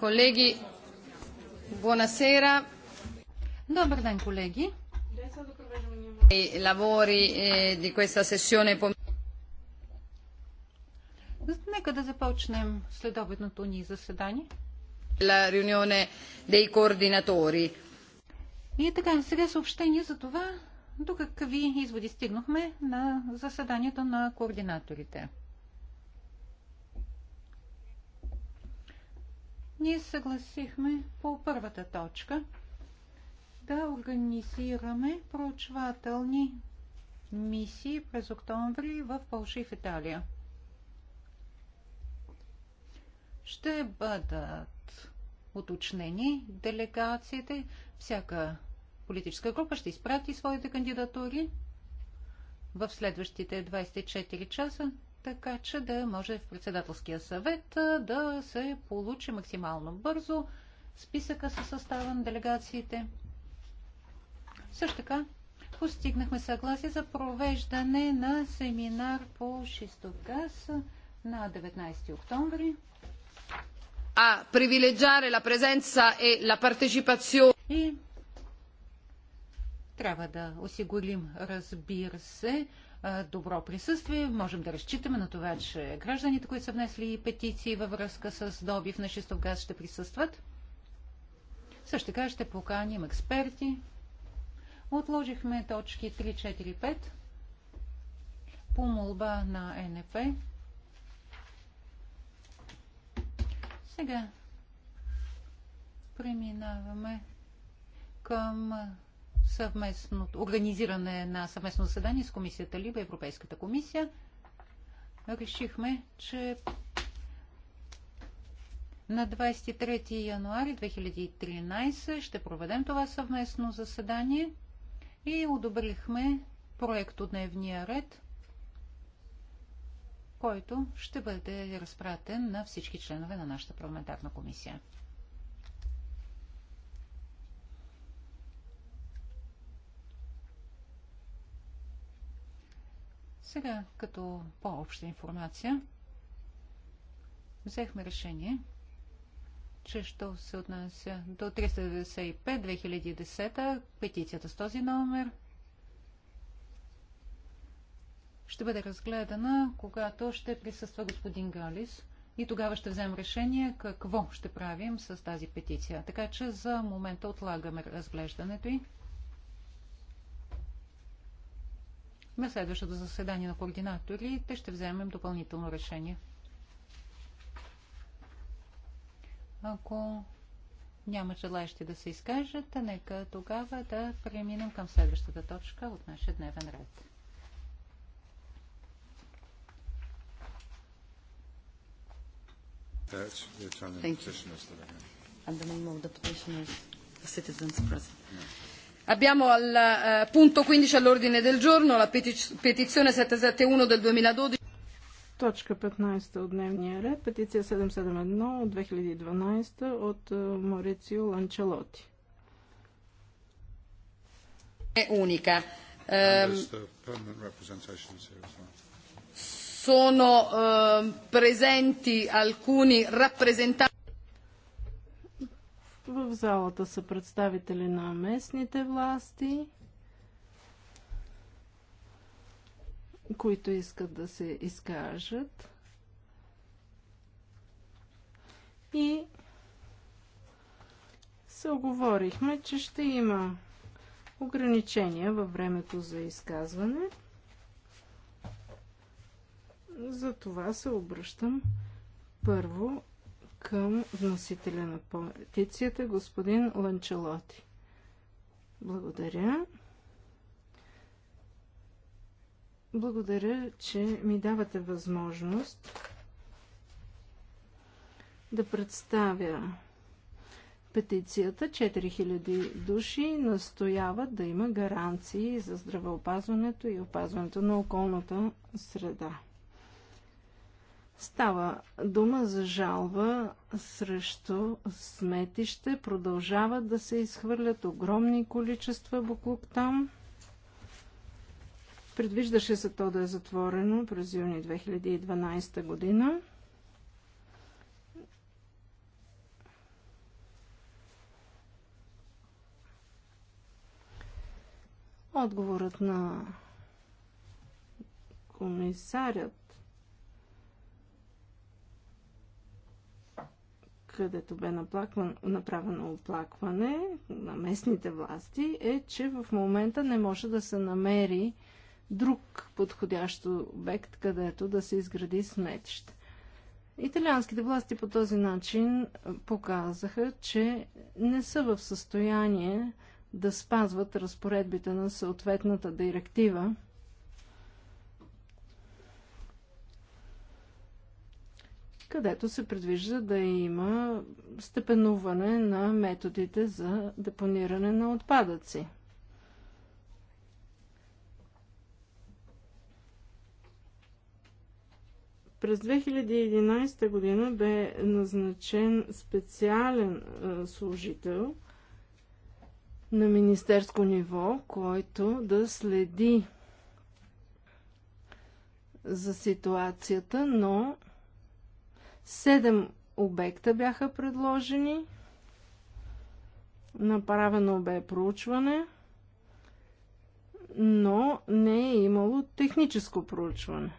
Колеги, buonasera. Добър ден, колеги. I lavori eh, di questa sessione Нека да започнем следобедното ни заседание. La riunione dei coordinatori. И така, сега съобщение за това, до какви изводи стигнахме на заседанието на координаторите. Ние съгласихме по първата точка да организираме проучвателни мисии през октомври в Польша и в Италия. Ще бъдат уточнени делегациите. Всяка политическа група ще изпрати своите кандидатури в следващите 24 часа, така че да може в председателския съвет да се получи максимално бързо списъка със състава на делегациите. Също така, постигнахме съгласие за провеждане на семинар по газ на 19 октомври. А привилегиаре ла презенца е ла partecipazione. И трябва да осигурим, разбира се, добро присъствие. Можем да разчитаме на това, че гражданите, които са внесли петиции във връзка с добив на шистов газ, ще присъстват. Също така ще поканим експерти. Отложихме точки 3, 4, 5 по молба на НФ. Сега преминаваме към съвместно организиране на съвместно заседание с комисията Либа и Европейската комисия, решихме, че на 23 януари 2013 ще проведем това съвместно заседание и одобрихме проект от дневния ред, който ще бъде разпратен на всички членове на нашата парламентарна комисия. Сега, като по-обща информация, взехме решение, че що се отнася до 395-2010, петицията с този номер ще бъде разгледана, когато ще присъства господин Галис и тогава ще вземем решение какво ще правим с тази петиция. Така че за момента отлагаме разглеждането й. На следващото заседание на координаторите ще вземем допълнително решение. Ако няма желаящи да се изкажат, нека тогава да преминем към следващата точка от нашия дневен ред. Thank you. And the name of the petitioner the citizens present. No. Abbiamo al punto 15 all'ordine del giorno la petizione 771 del 2012. Точка 15 от дневния ред, петиция 771 от 2012 от Морецио Ланчелоти. Е уника. Sono presenti alcuni rappresentanti в залата са представители на местните власти, които искат да се изкажат. И се оговорихме, че ще има ограничения във времето за изказване. Затова се обръщам първо към вносителя на петицията, господин Ланчелоти. Благодаря. Благодаря, че ми давате възможност да представя петицията. 4000 души настояват да има гаранции за здравеопазването и опазването на околната среда. Става дума за жалба срещу сметище. Продължават да се изхвърлят огромни количества буклук там. Предвиждаше се то да е затворено през юни 2012 година. Отговорът на комисарят където бе наплакван, направено оплакване на местните власти, е, че в момента не може да се намери друг подходящ обект, където да се изгради сметище. Италианските власти по този начин е, показаха, че не са в състояние да спазват разпоредбите на съответната директива където се предвижда да има степенуване на методите за депониране на отпадъци. През 2011 година бе назначен специален служител на министерско ниво, който да следи за ситуацията, но Седем обекта бяха предложени. Направено бе проучване, но не е имало техническо проучване.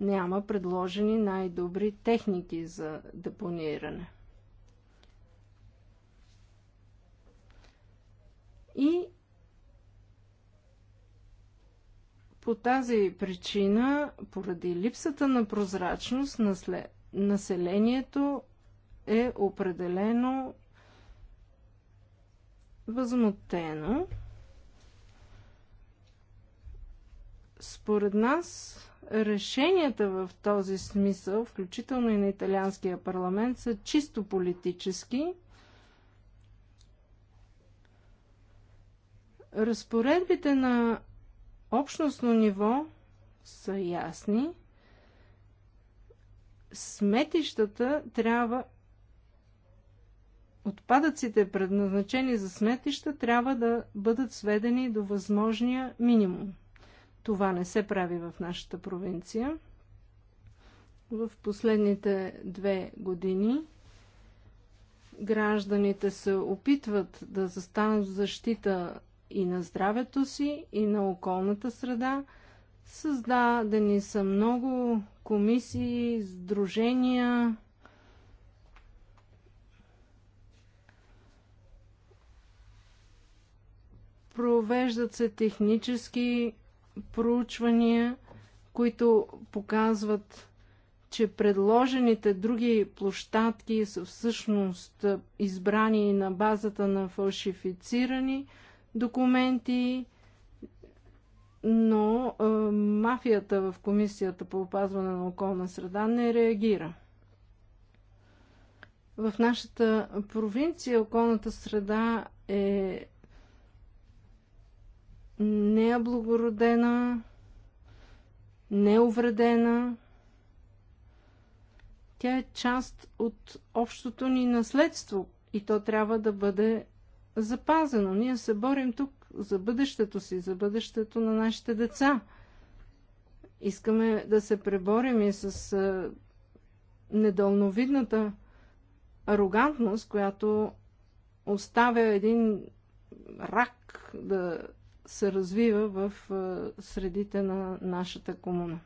Няма предложени най-добри техники за депониране. И По тази причина, поради липсата на прозрачност, населението е определено възмутено. Според нас, решенията в този смисъл, включително и на италианския парламент, са чисто политически. Разпоредбите на общностно ниво са ясни. Сметищата трябва. Отпадъците, предназначени за сметища, трябва да бъдат сведени до възможния минимум. Това не се прави в нашата провинция. В последните две години гражданите се опитват да застанат в защита и на здравето си, и на околната среда. Създадени са много комисии, сдружения, провеждат се технически проучвания, които показват, че предложените други площадки са всъщност избрани на базата на фалшифицирани документи, но а, е, мафията в Комисията по опазване на околна среда не реагира. В нашата провинция околната среда е необлагородена, неувредена. Тя е част от общото ни наследство и то трябва да бъде запазено. Ние се борим тук за бъдещето си, за бъдещето на нашите деца. Искаме да се преборим и с недълновидната арогантност, която оставя един рак да се развива в средите на нашата комуна.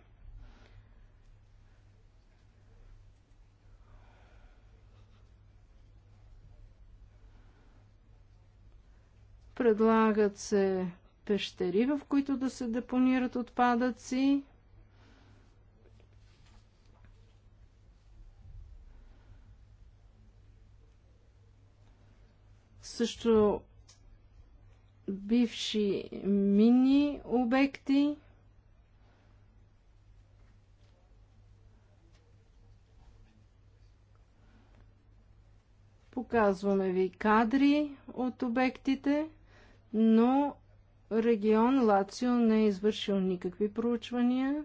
Предлагат се пещери, в които да се депонират отпадъци. Също бивши мини обекти. Показваме ви кадри от обектите но регион Лацио не е извършил никакви проучвания.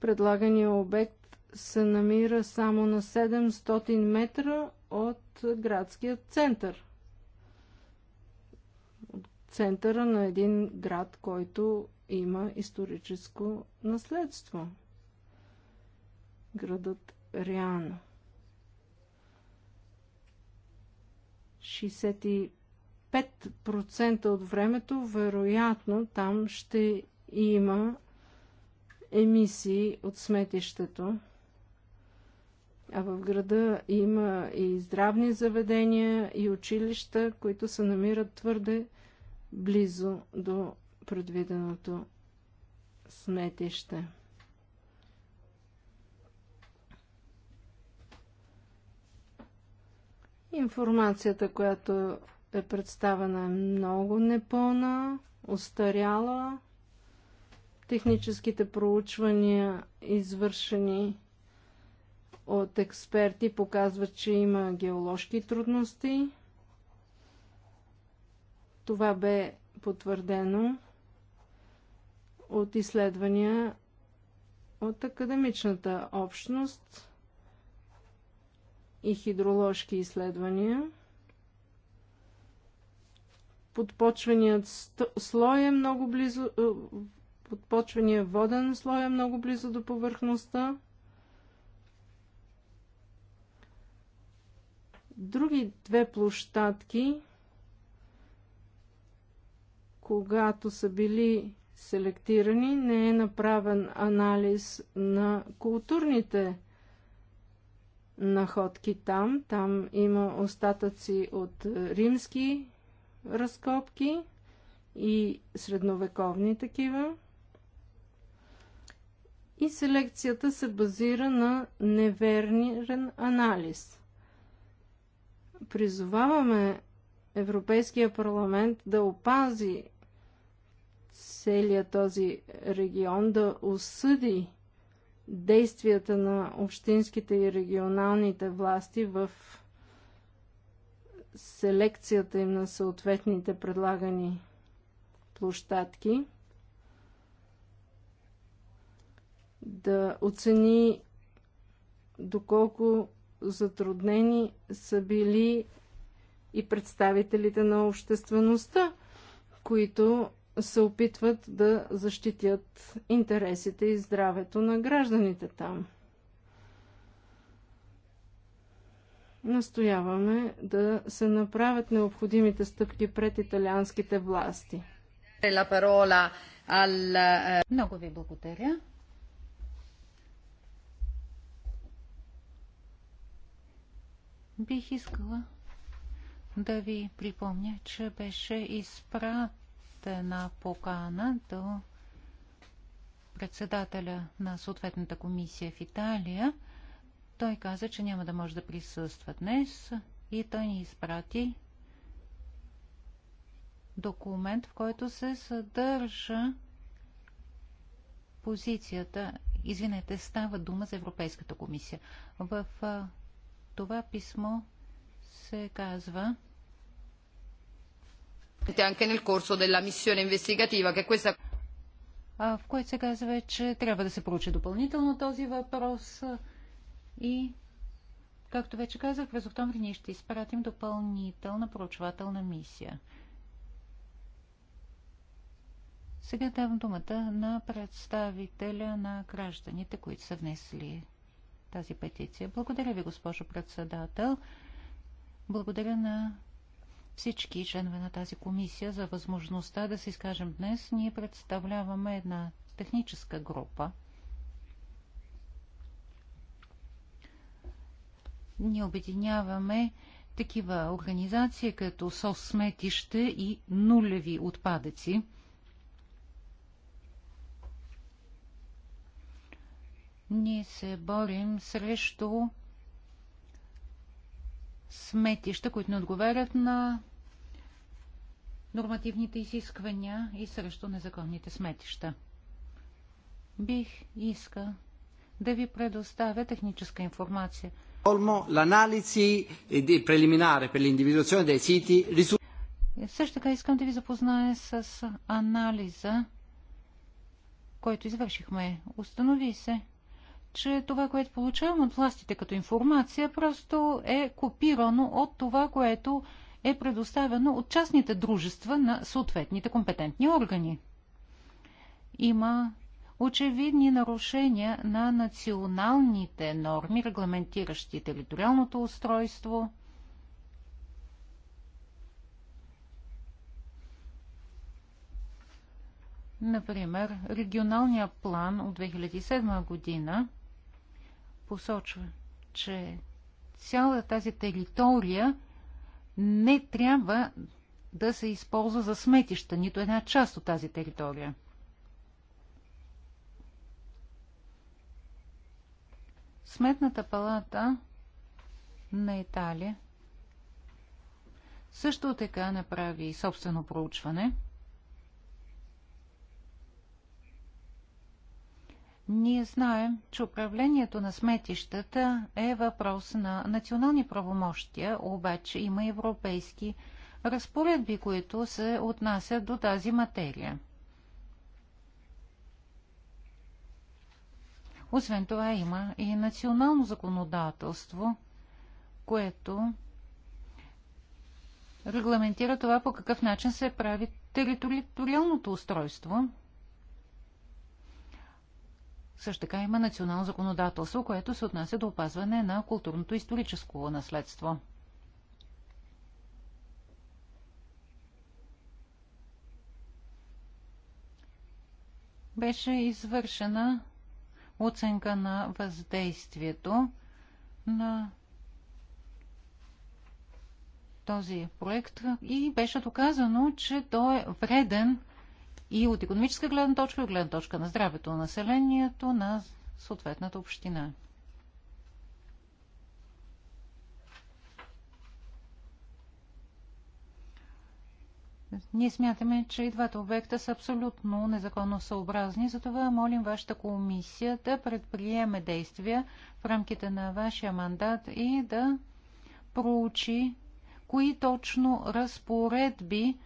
Предлагания обект се намира само на 700 метра от градския център. От центъра на един град, който има историческо наследство градът Реано. 65% от времето, вероятно, там ще има емисии от сметището. А в града има и здравни заведения, и училища, които се намират твърде близо до предвиденото сметище. Информацията, която е представена е много непълна, устаряла. Техническите проучвания, извършени от експерти, показват, че има геоложки трудности. Това бе потвърдено от изследвания от академичната общност и хидроложки изследвания. Подпочваният слой е много близо, е, подпочвания воден слой е много близо до повърхността. Други две площадки, когато са били селектирани, не е направен анализ на културните находки там. Там има остатъци от римски разкопки и средновековни такива. И селекцията се базира на неверен анализ. Призоваваме Европейския парламент да опази целият този регион, да осъди действията на общинските и регионалните власти в селекцията им на съответните предлагани площадки, да оцени доколко затруднени са били и представителите на обществеността, които се опитват да защитят интересите и здравето на гражданите там. Настояваме да се направят необходимите стъпки пред италианските власти. Eh, Много ви благодаря. Бих искала да ви припомня, че беше изпратен една покана до председателя на съответната комисия в Италия. Той каза, че няма да може да присъства днес и той ни изпрати документ, в който се съдържа позицията. Извинете, става дума за Европейската комисия. В това писмо се казва, Anche nel corso della missione investigativa, che questa в който се казва, че трябва да се проучи допълнително този въпрос и, както вече казах, през октомври ние ще изпратим допълнителна проучвателна мисия. Сега давам думата на представителя на гражданите, които са внесли тази петиция. Благодаря ви, госпожо председател. Благодаря на всички членове на тази комисия за възможността да се изкажем днес. Ние представляваме една техническа група. Ние обединяваме такива организации като СОС сметище и нулеви отпадъци. Ние се борим срещу сметища, които не отговарят на нормативните изисквания и срещу незаконните сметища. Бих иска да ви предоставя техническа информация. L'analisi preliminare per l'individuazione dei siti Също така искам да ви запозная с анализа, който извършихме. Установи се, че това, което получавам от властите като информация, просто е копирано от това, което е предоставено от частните дружества на съответните компетентни органи. Има очевидни нарушения на националните норми, регламентиращи териториалното устройство. Например, регионалния план от 2007 година – посочва, че цялата тази територия не трябва да се използва за сметища, нито една част от тази територия. Сметната палата на Италия също така направи собствено проучване – Ние знаем, че управлението на сметищата е въпрос на национални правомощия, обаче има европейски разпоредби, които се отнасят до тази материя. Освен това има и национално законодателство, което регламентира това по какъв начин се прави териториалното устройство – също така има национално законодателство, което се отнася до опазване на културното историческо наследство. Беше извършена оценка на въздействието на този проект и беше доказано, че той е вреден и от економическа гледна точка, и от гледна точка на здравето на населението на съответната община. Ние смятаме, че и двата обекта са абсолютно незаконно съобразни, затова молим вашата комисия да предприеме действия в рамките на вашия мандат и да проучи кои точно разпоредби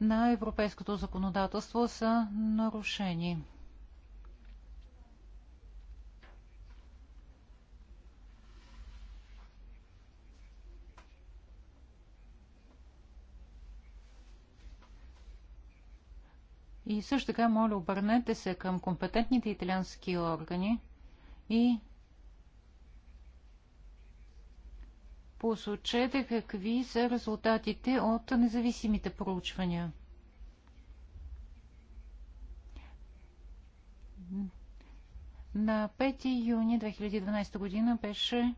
на европейското законодателство са нарушени. И също така, моля, обърнете се към компетентните италиански органи и посочете какви са резултатите от независимите проучвания. На 5 юни 2012 година беше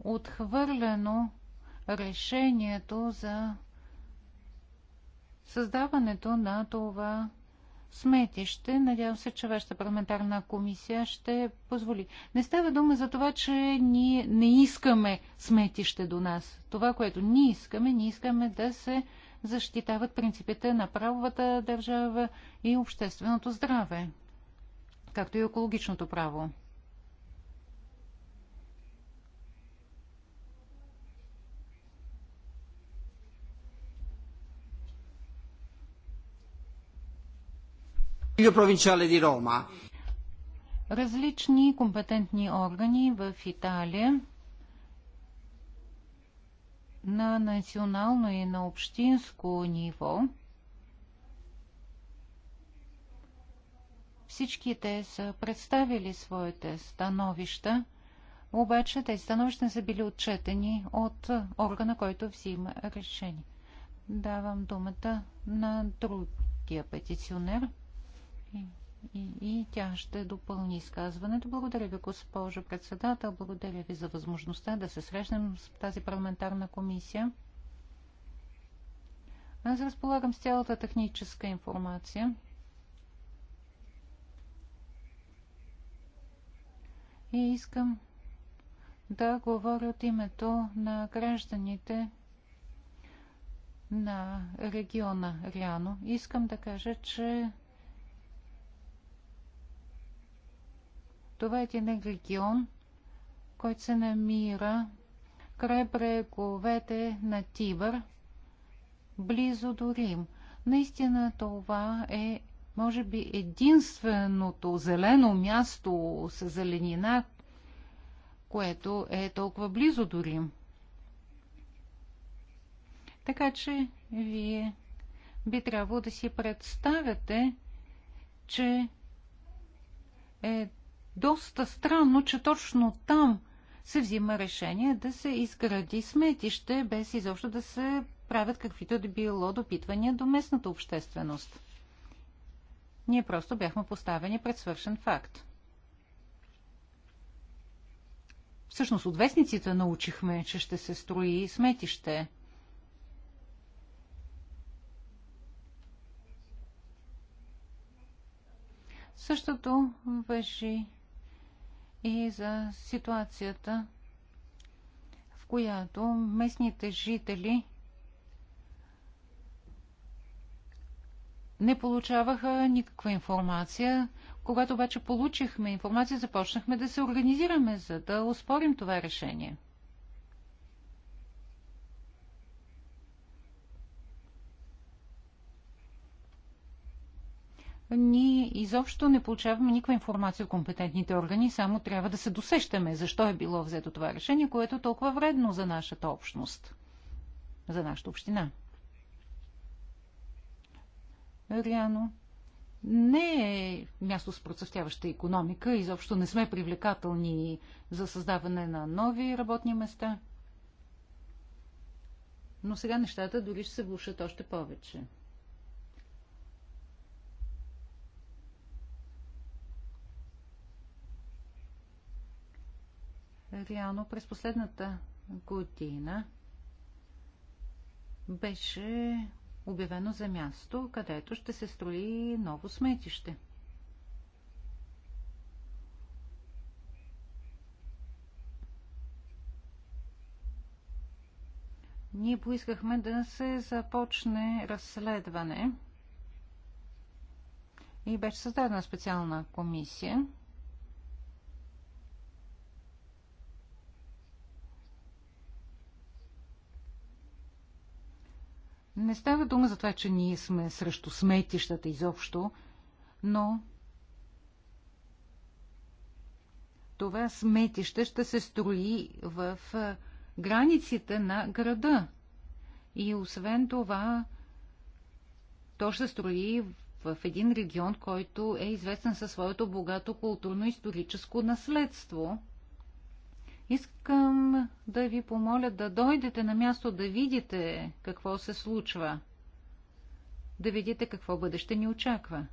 отхвърлено решението за създаването на това сметище. Надявам се, че вашата парламентарна комисия ще позволи. Не става дума за това, че ние не искаме сметище до нас. Това, което ние искаме, ние искаме да се защитават принципите на правовата държава и общественото здраве, както и екологичното право. Различни компетентни органи в Италия на национално и на общинско ниво Всички те са представили своите становища, обаче тези становища не са били отчетени от органа, който взима решение. Давам думата на другия петиционер и, и тя ще допълни изказването. Благодаря ви, госпожо председател. Благодаря ви за възможността да се срещнем с тази парламентарна комисия. Аз разполагам с цялата техническа информация. И искам да говоря от името на гражданите на региона Ряно. Искам да кажа, че Това е един регион, който се намира край бреговете на Тибър, близо до Рим. Наистина това е, може би, единственото зелено място с зеленина, което е толкова близо до Рим. Така че вие би трябвало да си представяте, че е доста странно, че точно там се взима решение да се изгради сметище, без изобщо да се правят каквито да било допитвания до местната общественост. Ние просто бяхме поставени пред свършен факт. Всъщност от вестниците научихме, че ще се строи сметище. Същото въжи и за ситуацията, в която местните жители не получаваха никаква информация. Когато обаче получихме информация, започнахме да се организираме, за да успорим това решение – ние изобщо не получаваме никаква информация от компетентните органи, само трябва да се досещаме защо е било взето това решение, което е толкова вредно за нашата общност, за нашата община. Реално. Не е място с процъфтяваща економика, изобщо не сме привлекателни за създаване на нови работни места. Но сега нещата дори ще се влушат още повече. реално през последната година беше обявено за място, където ще се строи ново сметище. Ние поискахме да се започне разследване и беше създадена специална комисия – Не става дума за това, че ние сме срещу сметищата изобщо, но това сметище ще се строи в границите на града. И освен това, то ще строи в един регион, който е известен със своето богато културно-историческо наследство. Искам да ви помоля да дойдете на място, да видите какво се случва, да видите какво бъдеще ни очаква.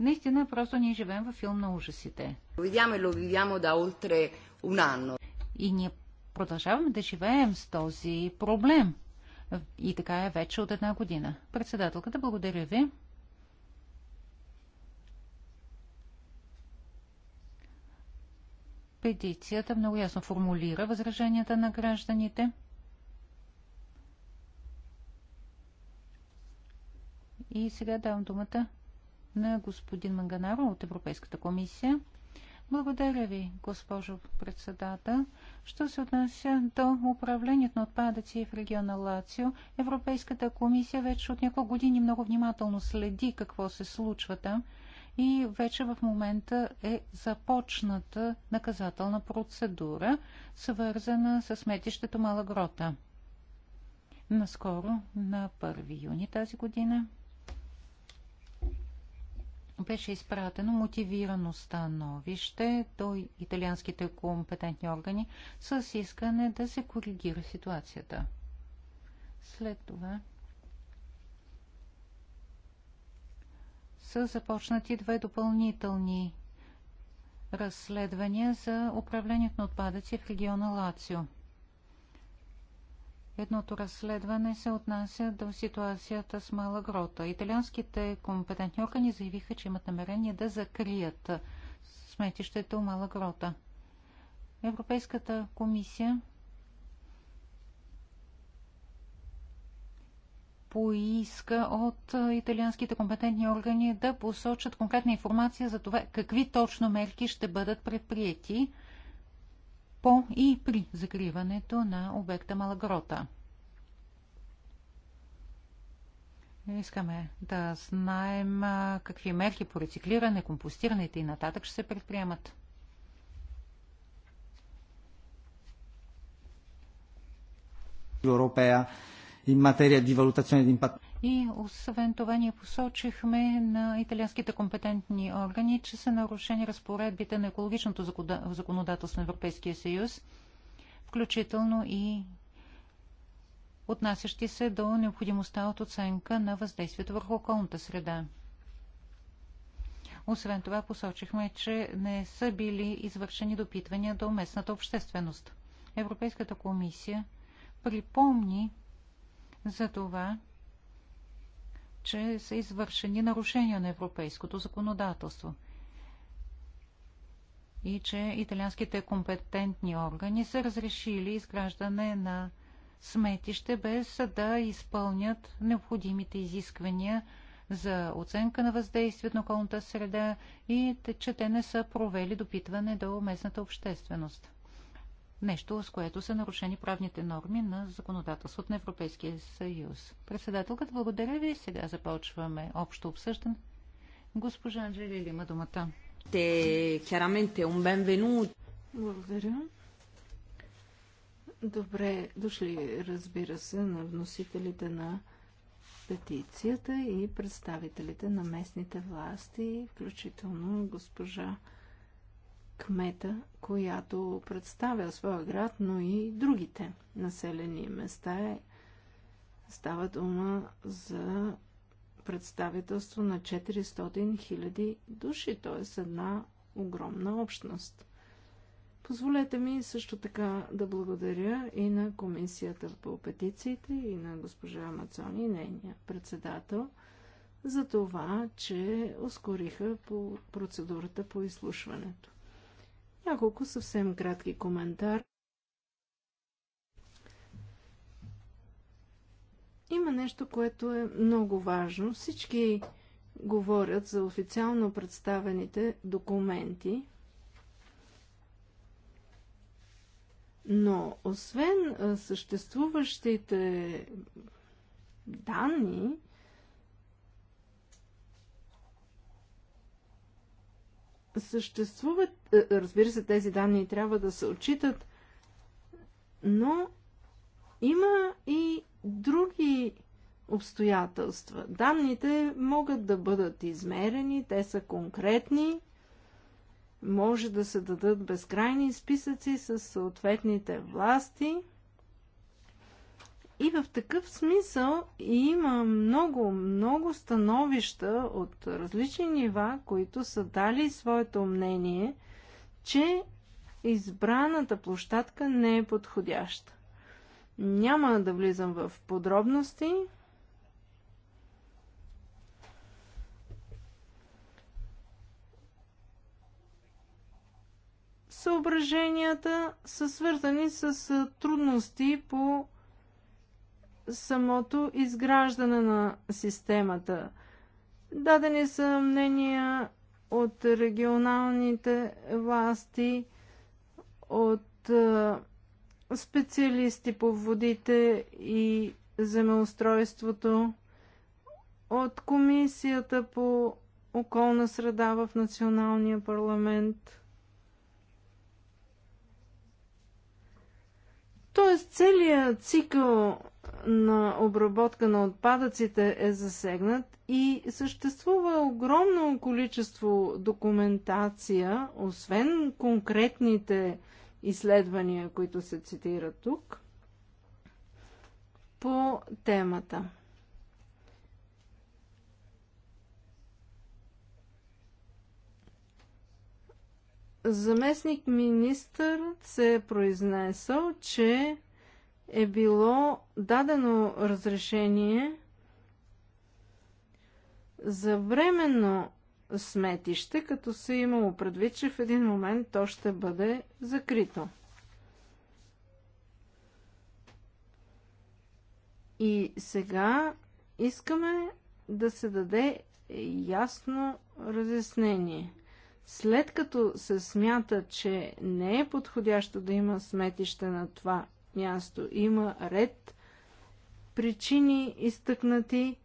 Наистина, просто ние живеем във филм на ужасите. Видяме e lo viviamo da oltre И ние продължаваме да живеем с този проблем. И така е вече от една година. Председателката, благодаря ви. петицията много ясно формулира възраженията на гражданите. И сега давам думата на господин Манганаро от Европейската комисия. Благодаря ви, госпожо председател. Що се отнася до управлението на отпадъци в региона Лацио, Европейската комисия вече от няколко години много внимателно следи какво се случва там и вече в момента е започната наказателна процедура, свързана с сметището Мала Грота. Наскоро, на 1 юни тази година, беше изпратено мотивирано становище до италианските компетентни органи с искане да се коригира ситуацията. След това са започнати две допълнителни разследвания за управлението на отпадъци в региона Лацио. Едното разследване се отнася до ситуацията с Мала Грота. Италианските компетентни органи заявиха, че имат намерение да закрият сметището Мала Грота. Европейската комисия поиска от италианските компетентни органи да посочат конкретна информация за това какви точно мерки ще бъдат предприяти по и при закриването на обекта Малагрота. Искаме да знаем какви мерки по рециклиране, компостиране и нататък ще се предприемат. Европея in materia di valutazione di impatto. И освен това ние посочихме на италианските компетентни органи, че са нарушени разпоредбите на екологичното законодателство на Европейския съюз, включително и отнасящи се до необходимостта от оценка на въздействието върху околната среда. Освен това посочихме, че не са били извършени допитвания до местната общественост. Европейската комисия припомни за това, че са извършени нарушения на европейското законодателство и че италианските компетентни органи са разрешили изграждане на сметище без да изпълнят необходимите изисквания за оценка на въздействието на околната среда и че те не са провели допитване до местната общественост нещо, с което са нарушени правните норми на законодателството на Европейския съюз. Председателката, благодаря ви. Сега започваме общо обсъждане. Госпожа Анджели, има думата. Те, chiaramente, ум benvenuto. Благодаря. Добре дошли, разбира се, на вносителите на петицията и представителите на местните власти, включително госпожа кмета, която представя своя град, но и другите населени места. Става дума за представителство на 400 000 души, т.е. една огромна общност. Позволете ми също така да благодаря и на Комисията по петициите и на госпожа Мацони, нейния председател, за това, че ускориха по процедурата по изслушването. Няколко съвсем кратки коментар. Има нещо, което е много важно. Всички говорят за официално представените документи, но освен съществуващите данни, Съществуват, е, е, разбира се, тези данни трябва да се отчитат, но има и други обстоятелства. Данните могат да бъдат измерени, те са конкретни, може да се дадат безкрайни списъци с съответните власти и в такъв смисъл има много, много становища от различни нива, които са дали своето мнение, че избраната площадка не е подходяща. Няма да влизам в подробности. Съображенията са свързани с трудности по самото изграждане на системата. Дадени са мнения от регионалните власти, от специалисти по водите и земеустройството, от Комисията по околна среда в Националния парламент. Тоест целият цикъл на обработка на отпадъците е засегнат и съществува огромно количество документация, освен конкретните изследвания, които се цитират тук, по темата. Заместник министър се е произнесъл, че е било дадено разрешение за временно сметище, като се е имало предвид, че в един момент то ще бъде закрито. И сега искаме да се даде ясно разяснение. След като се смята, че не е подходящо да има сметище на това място. Има ред причини изтъкнати.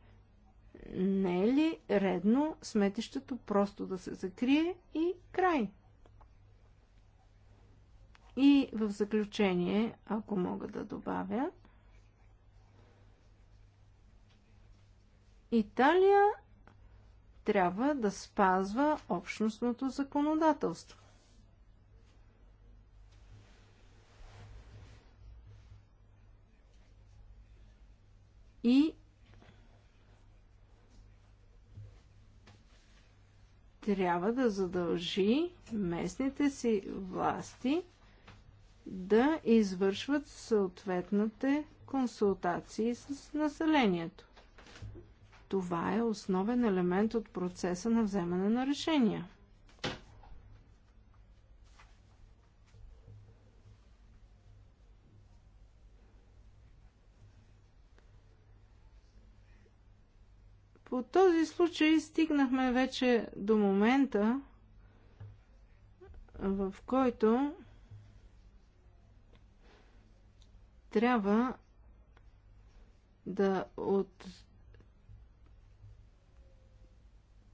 Не е ли редно сметището просто да се закрие и край? И в заключение, ако мога да добавя, Италия трябва да спазва общностното законодателство. и трябва да задължи местните си власти да извършват съответните консултации с населението. Това е основен елемент от процеса на вземане на решения. От този случай стигнахме вече до момента, в който трябва да от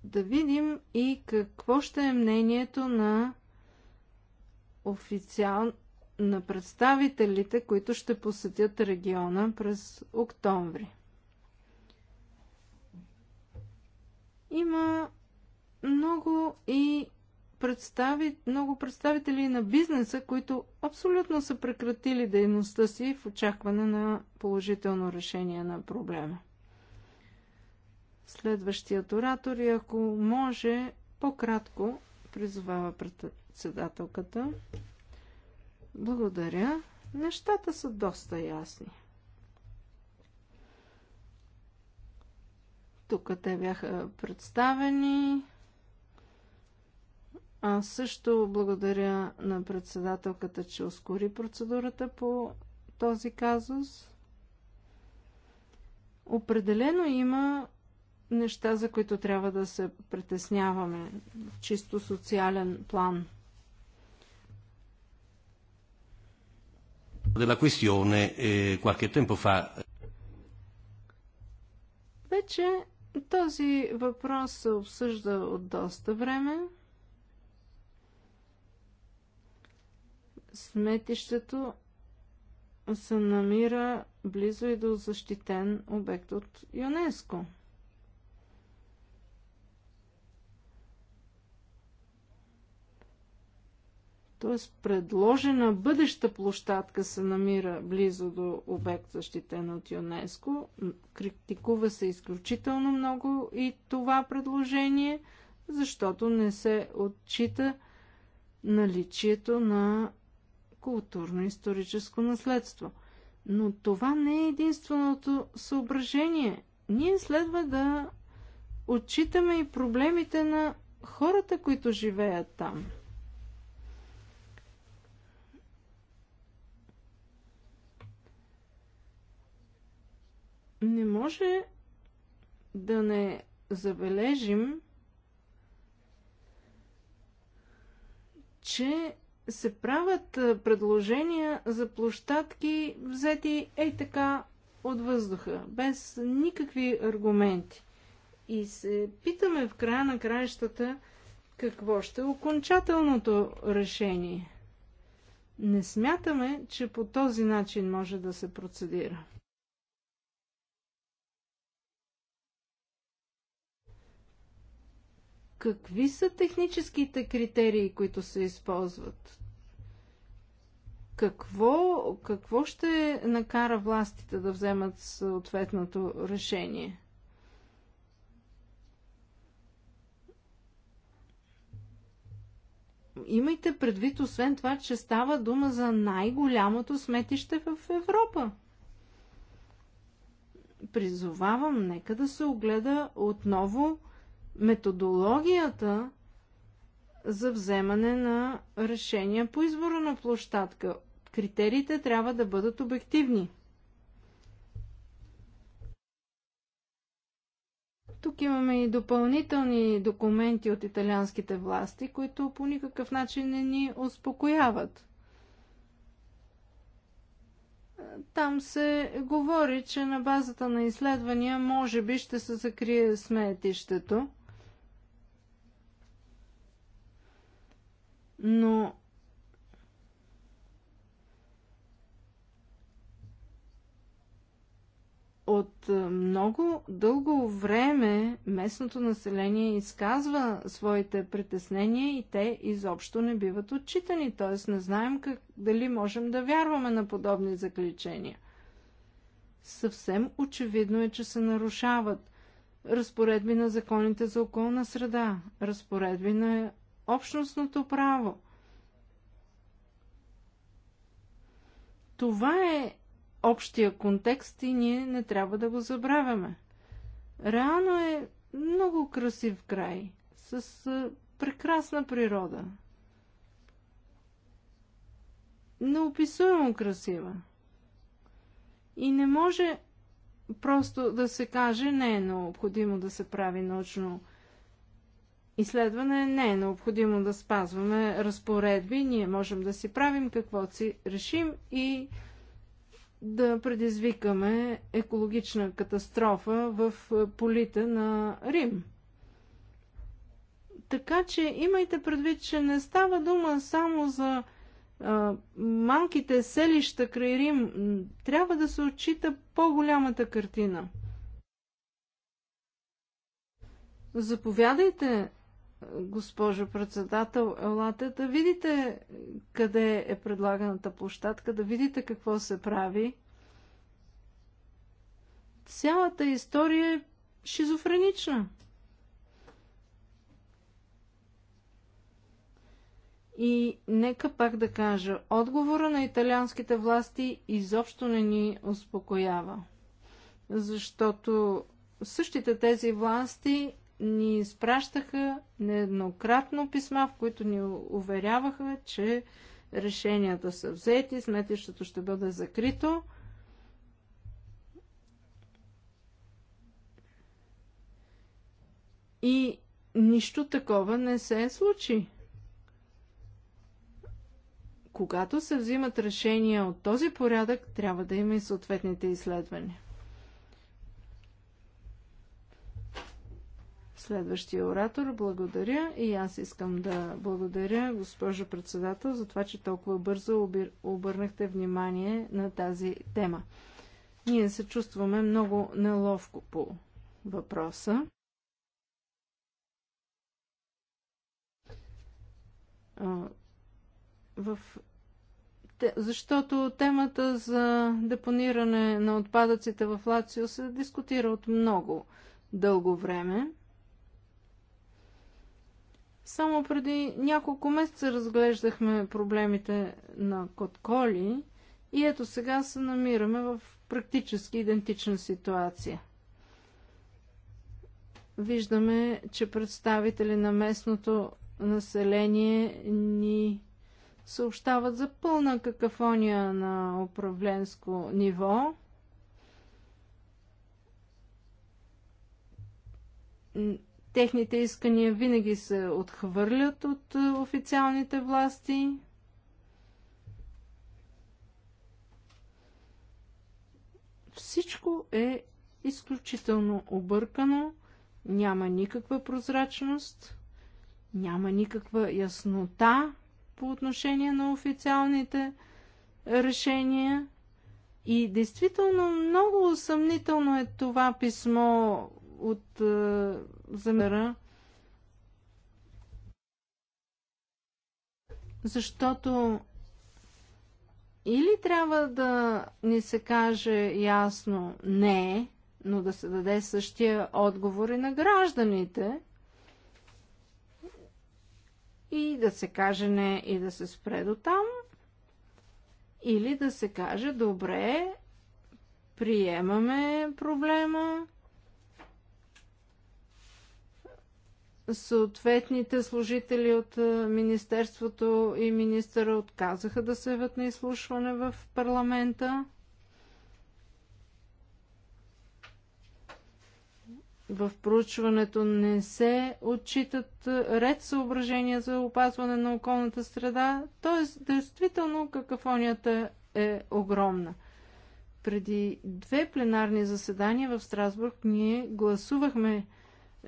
да видим и какво ще е мнението на официал на представителите, които ще посетят региона през октомври. Има много и представи, много представители на бизнеса, които абсолютно са прекратили дейността си в очакване на положително решение на проблема. Следващият оратор и ако може по-кратко, призовава председателката. Благодаря. Нещата са доста ясни. Тук те бяха представени. А също благодаря на председателката, че ускори процедурата по този казус. Определено има неща, за които трябва да се притесняваме. Чисто социален план. Della questione eh, qualche tempo fa. Вече този въпрос се обсъжда от доста време. Сметището се намира близо и до защитен обект от ЮНЕСКО. Т.е. предложена бъдеща площадка се намира близо до обект защитен от ЮНЕСКО. Критикува се изключително много и това предложение, защото не се отчита наличието на културно-историческо наследство. Но това не е единственото съображение. Ние следва да отчитаме и проблемите на хората, които живеят там. Не може да не забележим, че се правят предложения за площадки, взети ей така от въздуха, без никакви аргументи. И се питаме в края на краищата какво ще е окончателното решение. Не смятаме, че по този начин може да се процедира. Какви са техническите критерии, които се използват? Какво, какво ще накара властите да вземат съответното решение? имайте предвид, освен това, че става дума за най-голямото сметище в Европа. Призовавам, нека да се огледа отново методологията за вземане на решения по избора на площадка. Критериите трябва да бъдат обективни. Тук имаме и допълнителни документи от италианските власти, които по никакъв начин не ни успокояват. Там се говори, че на базата на изследвания може би ще се закрие сметището. но от е, много дълго време местното население изказва своите притеснения и те изобщо не биват отчитани, т.е. не знаем как, дали можем да вярваме на подобни заключения. Съвсем очевидно е, че се нарушават разпоредби на законите за околна среда, разпоредби на общностното право. Това е общия контекст и ние не трябва да го забравяме. Реално е много красив край, с прекрасна природа. Неописуемо красива. И не може просто да се каже, не е необходимо да се прави научно изследване не е необходимо да спазваме разпоредби. Ние можем да си правим какво си решим и да предизвикаме екологична катастрофа в полите на Рим. Така че имайте предвид, че не става дума само за а, малките селища край Рим. Трябва да се отчита по-голямата картина. Заповядайте госпожо председател, елате да видите къде е предлаганата площадка, да видите какво се прави. Цялата история е шизофренична. И нека пак да кажа, отговора на италианските власти изобщо не ни успокоява. Защото същите тези власти ни изпращаха нееднократно писма, в които ни уверяваха, че решенията са взети, сметището ще бъде закрито. И нищо такова не се е случи. Когато се взимат решения от този порядък, трябва да има и съответните изследвания. Следващия оратор, благодаря и аз искам да благодаря, госпожо председател, за това, че толкова бързо обърнахте внимание на тази тема. Ние се чувстваме много неловко по въпроса. В... Защото темата за депониране на отпадъците в Лацио се дискутира от много дълго време. Само преди няколко месеца разглеждахме проблемите на Котколи и ето сега се намираме в практически идентична ситуация. Виждаме, че представители на местното население ни съобщават за пълна какафония на управленско ниво. Техните искания винаги се отхвърлят от е, официалните власти. Всичко е изключително объркано, няма никаква прозрачност, няма никаква яснота по отношение на официалните решения. И действително много съмнително е това писмо от е, замера. защото или трябва да ни се каже ясно не, но да се даде същия отговор и на гражданите, и да се каже не и да се спре до там, или да се каже добре, приемаме проблема, съответните служители от Министерството и министъра отказаха да се явят на изслушване в парламента. В проучването не се отчитат ред съображения за опазване на околната среда, т.е. действително какафонията е огромна. Преди две пленарни заседания в Страсбург ние гласувахме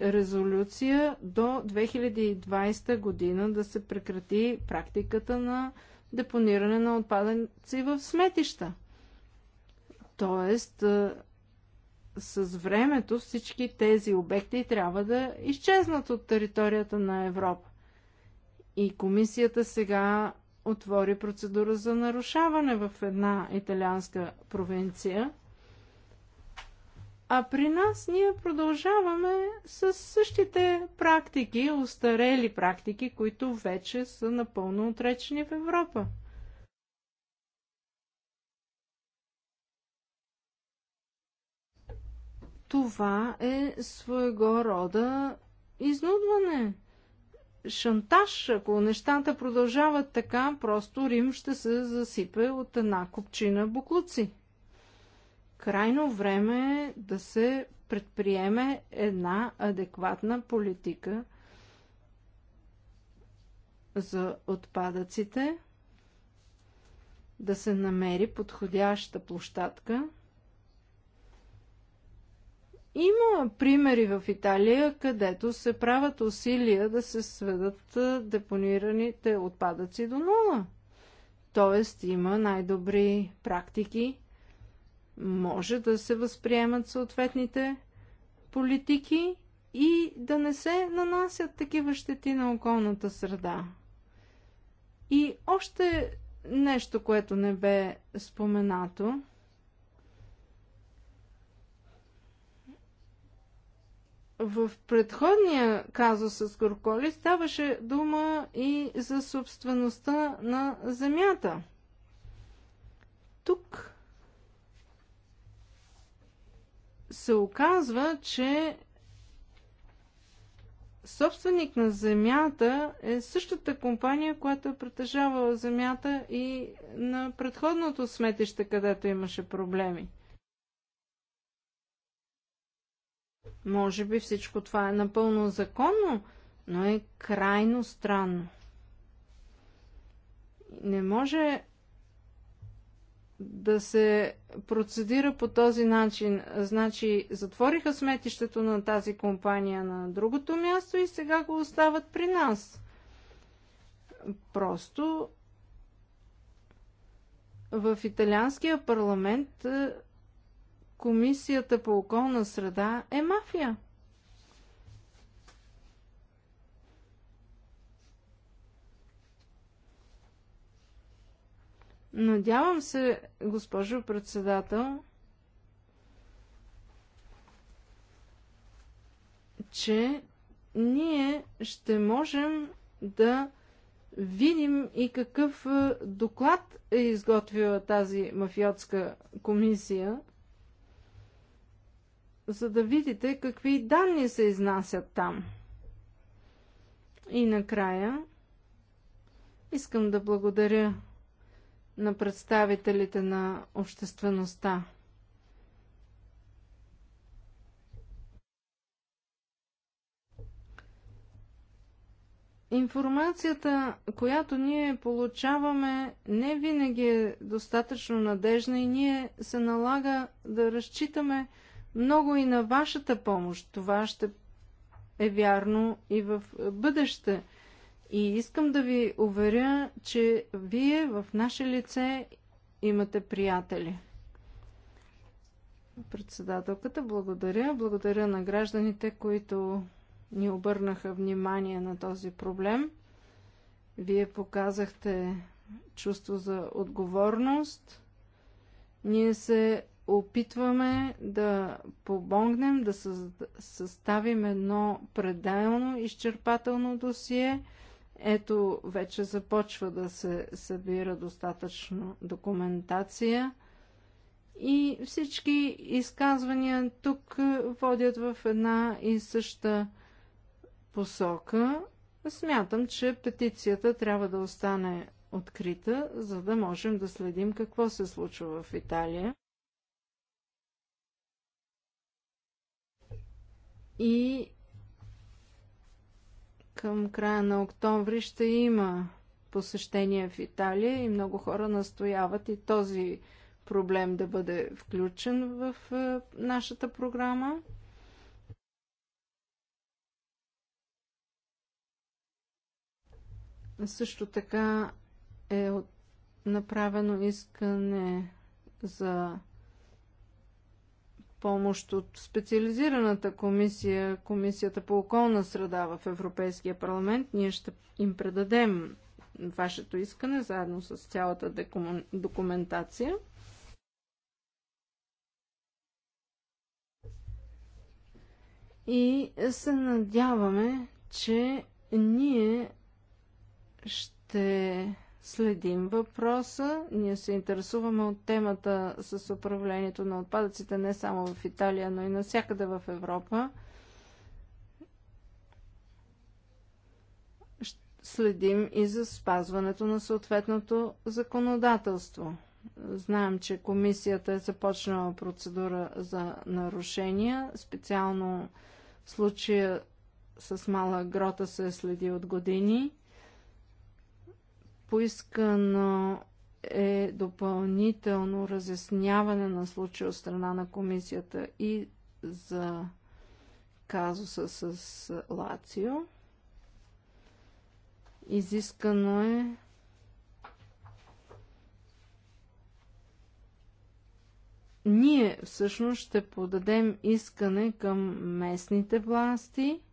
резолюция до 2020 година да се прекрати практиката на депониране на отпадъци в сметища. Тоест, с времето всички тези обекти трябва да изчезнат от територията на Европа. И комисията сега отвори процедура за нарушаване в една италианска провинция – а при нас ние продължаваме с същите практики, устарели практики, които вече са напълно отречени в Европа. Това е своего рода изнудване. Шантаж, ако нещата продължават така, просто Рим ще се засипе от една купчина буклуци. Крайно време е да се предприеме една адекватна политика за отпадъците, да се намери подходяща площадка. Има примери в Италия, където се правят усилия да се сведат депонираните отпадъци до нула. Тоест има най-добри практики, може да се възприемат съответните политики и да не се нанасят такива щети на околната среда. И още нещо, което не бе споменато. В предходния казус с Горколи ставаше дума и за собствеността на земята – се оказва, че собственик на земята е същата компания, която е притежавала земята и на предходното сметище, където имаше проблеми. Може би всичко това е напълно законно, но е крайно странно. Не може да се процедира по този начин. Значи, затвориха сметището на тази компания на другото място и сега го остават при нас. Просто в италианския парламент е, комисията по околна среда е мафия. Надявам се, госпожо председател, че ние ще можем да видим и какъв е, доклад е изготвила тази мафиотска комисия, за да видите какви данни се изнасят там. И накрая искам да благодаря на представителите на обществеността. Информацията, която ние получаваме, не винаги е достатъчно надежна и ние се налага да разчитаме много и на вашата помощ. Това ще е вярно и в бъдеще. И искам да ви уверя, че вие в наше лице имате приятели. Председателката, благодаря. Благодаря на гражданите, които ни обърнаха внимание на този проблем. Вие показахте чувство за отговорност. Ние се опитваме да помогнем, да съставим едно пределно изчерпателно досие – ето, вече започва да се събира достатъчно документация и всички изказвания тук водят в една и съща посока. Смятам, че петицията трябва да остане открита, за да можем да следим какво се случва в Италия. И към края на октомври ще има посещения в Италия и много хора настояват и този проблем да бъде включен в е, нашата програма. Също така е направено искане за помощ от специализираната комисия, Комисията по околна среда в Европейския парламент. Ние ще им предадем вашето искане заедно с цялата документация. И се надяваме, че ние ще следим въпроса. Ние се интересуваме от темата с управлението на отпадъците не само в Италия, но и навсякъде в Европа. Следим и за спазването на съответното законодателство. Знаем, че комисията е започнала процедура за нарушения. Специално случая с Мала Грота се е следи от години. Поискано е допълнително разясняване на случая от страна на комисията и за казуса с Лацио. Изискано е ние всъщност ще подадем искане към местните власти –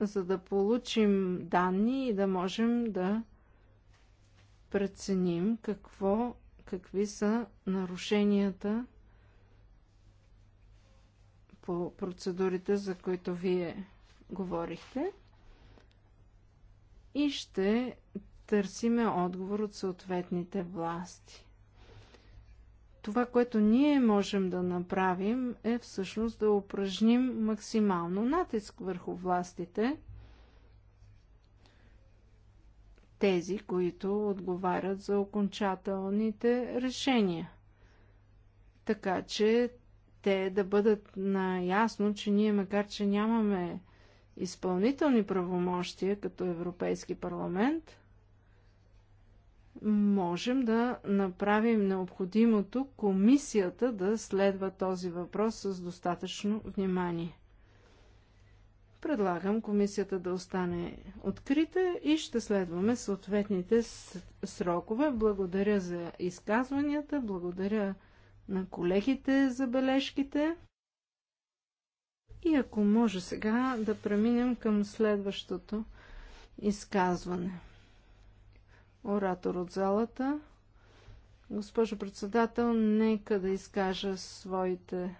за да получим данни и да можем да преценим какво, какви са нарушенията по процедурите, за които вие говорихте. И ще търсиме отговор от съответните власти това, което ние можем да направим, е всъщност да упражним максимално натиск върху властите, тези, които отговарят за окончателните решения. Така че те да бъдат наясно, че ние, макар че нямаме изпълнителни правомощия като Европейски парламент, можем да направим необходимото комисията да следва този въпрос с достатъчно внимание. Предлагам комисията да остане открита и ще следваме съответните срокове. Благодаря за изказванията, благодаря на колегите за бележките. И ако може сега да преминем към следващото изказване оратор от залата. Госпожо председател, нека да изкажа своите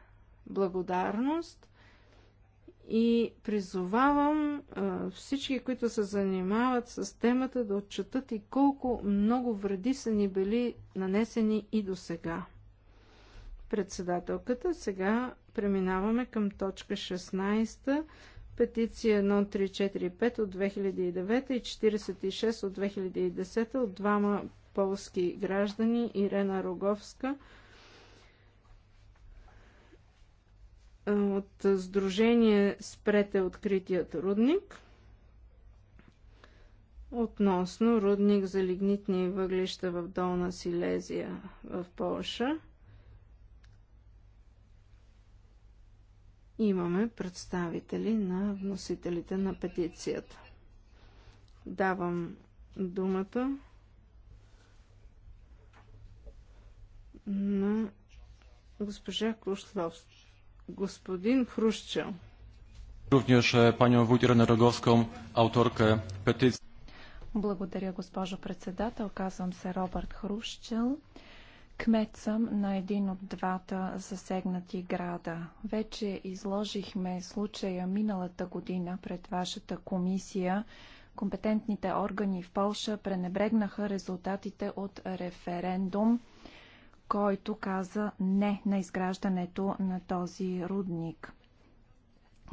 благодарност и призовавам всички, които се занимават с темата, да отчетат и колко много вреди са ни били нанесени и до сега. Председателката, сега преминаваме към точка 16 петиция 1345 от 2009 и 46 от 2010 от двама полски граждани Ирена Роговска от Сдружение Спрете откритият рудник относно рудник за лигнитни въглища в Долна Силезия в Полша – имаме представители на вносителите на петицията. Давам думата на госпожа Крушлов. Господин Хрущев. Również panią Wójtę Rogowską, autorkę petycji. Благодаря, госпожо председател. Казвам се Робърт Хрущел. Кмет съм на един от двата засегнати града. Вече изложихме случая миналата година пред вашата комисия. Компетентните органи в Полша пренебрегнаха резултатите от референдум, който каза не на изграждането на този рудник.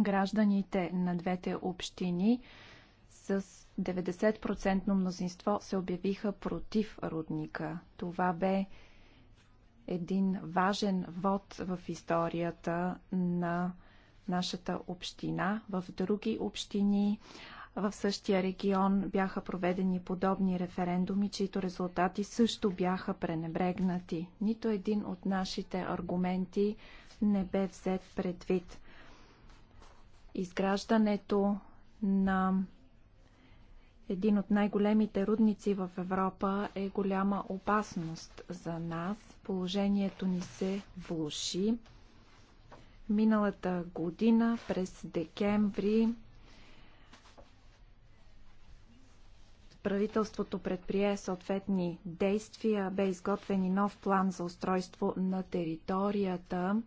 Гражданите на двете общини с 90% мнозинство се обявиха против рудника. Това бе един важен вод в историята на нашата община. В други общини в същия регион бяха проведени подобни референдуми, чието резултати също бяха пренебрегнати. Нито един от нашите аргументи не бе взет предвид. Изграждането на един от най-големите рудници в Европа е голяма опасност за нас положението ни се влуши. Миналата година, през декември, правителството предприе съответни действия, бе изготвен и нов план за устройство на територията.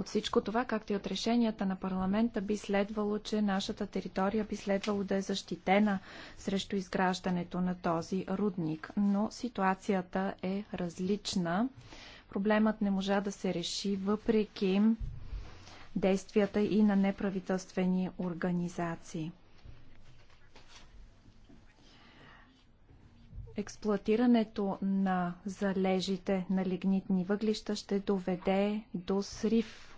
От всичко това, както и от решенията на парламента, би следвало, че нашата територия би следвало да е защитена срещу изграждането на този рудник. Но ситуацията е различна. Проблемът не можа да се реши въпреки действията и на неправителствени организации. експлоатирането на залежите на лигнитни въглища ще доведе до срив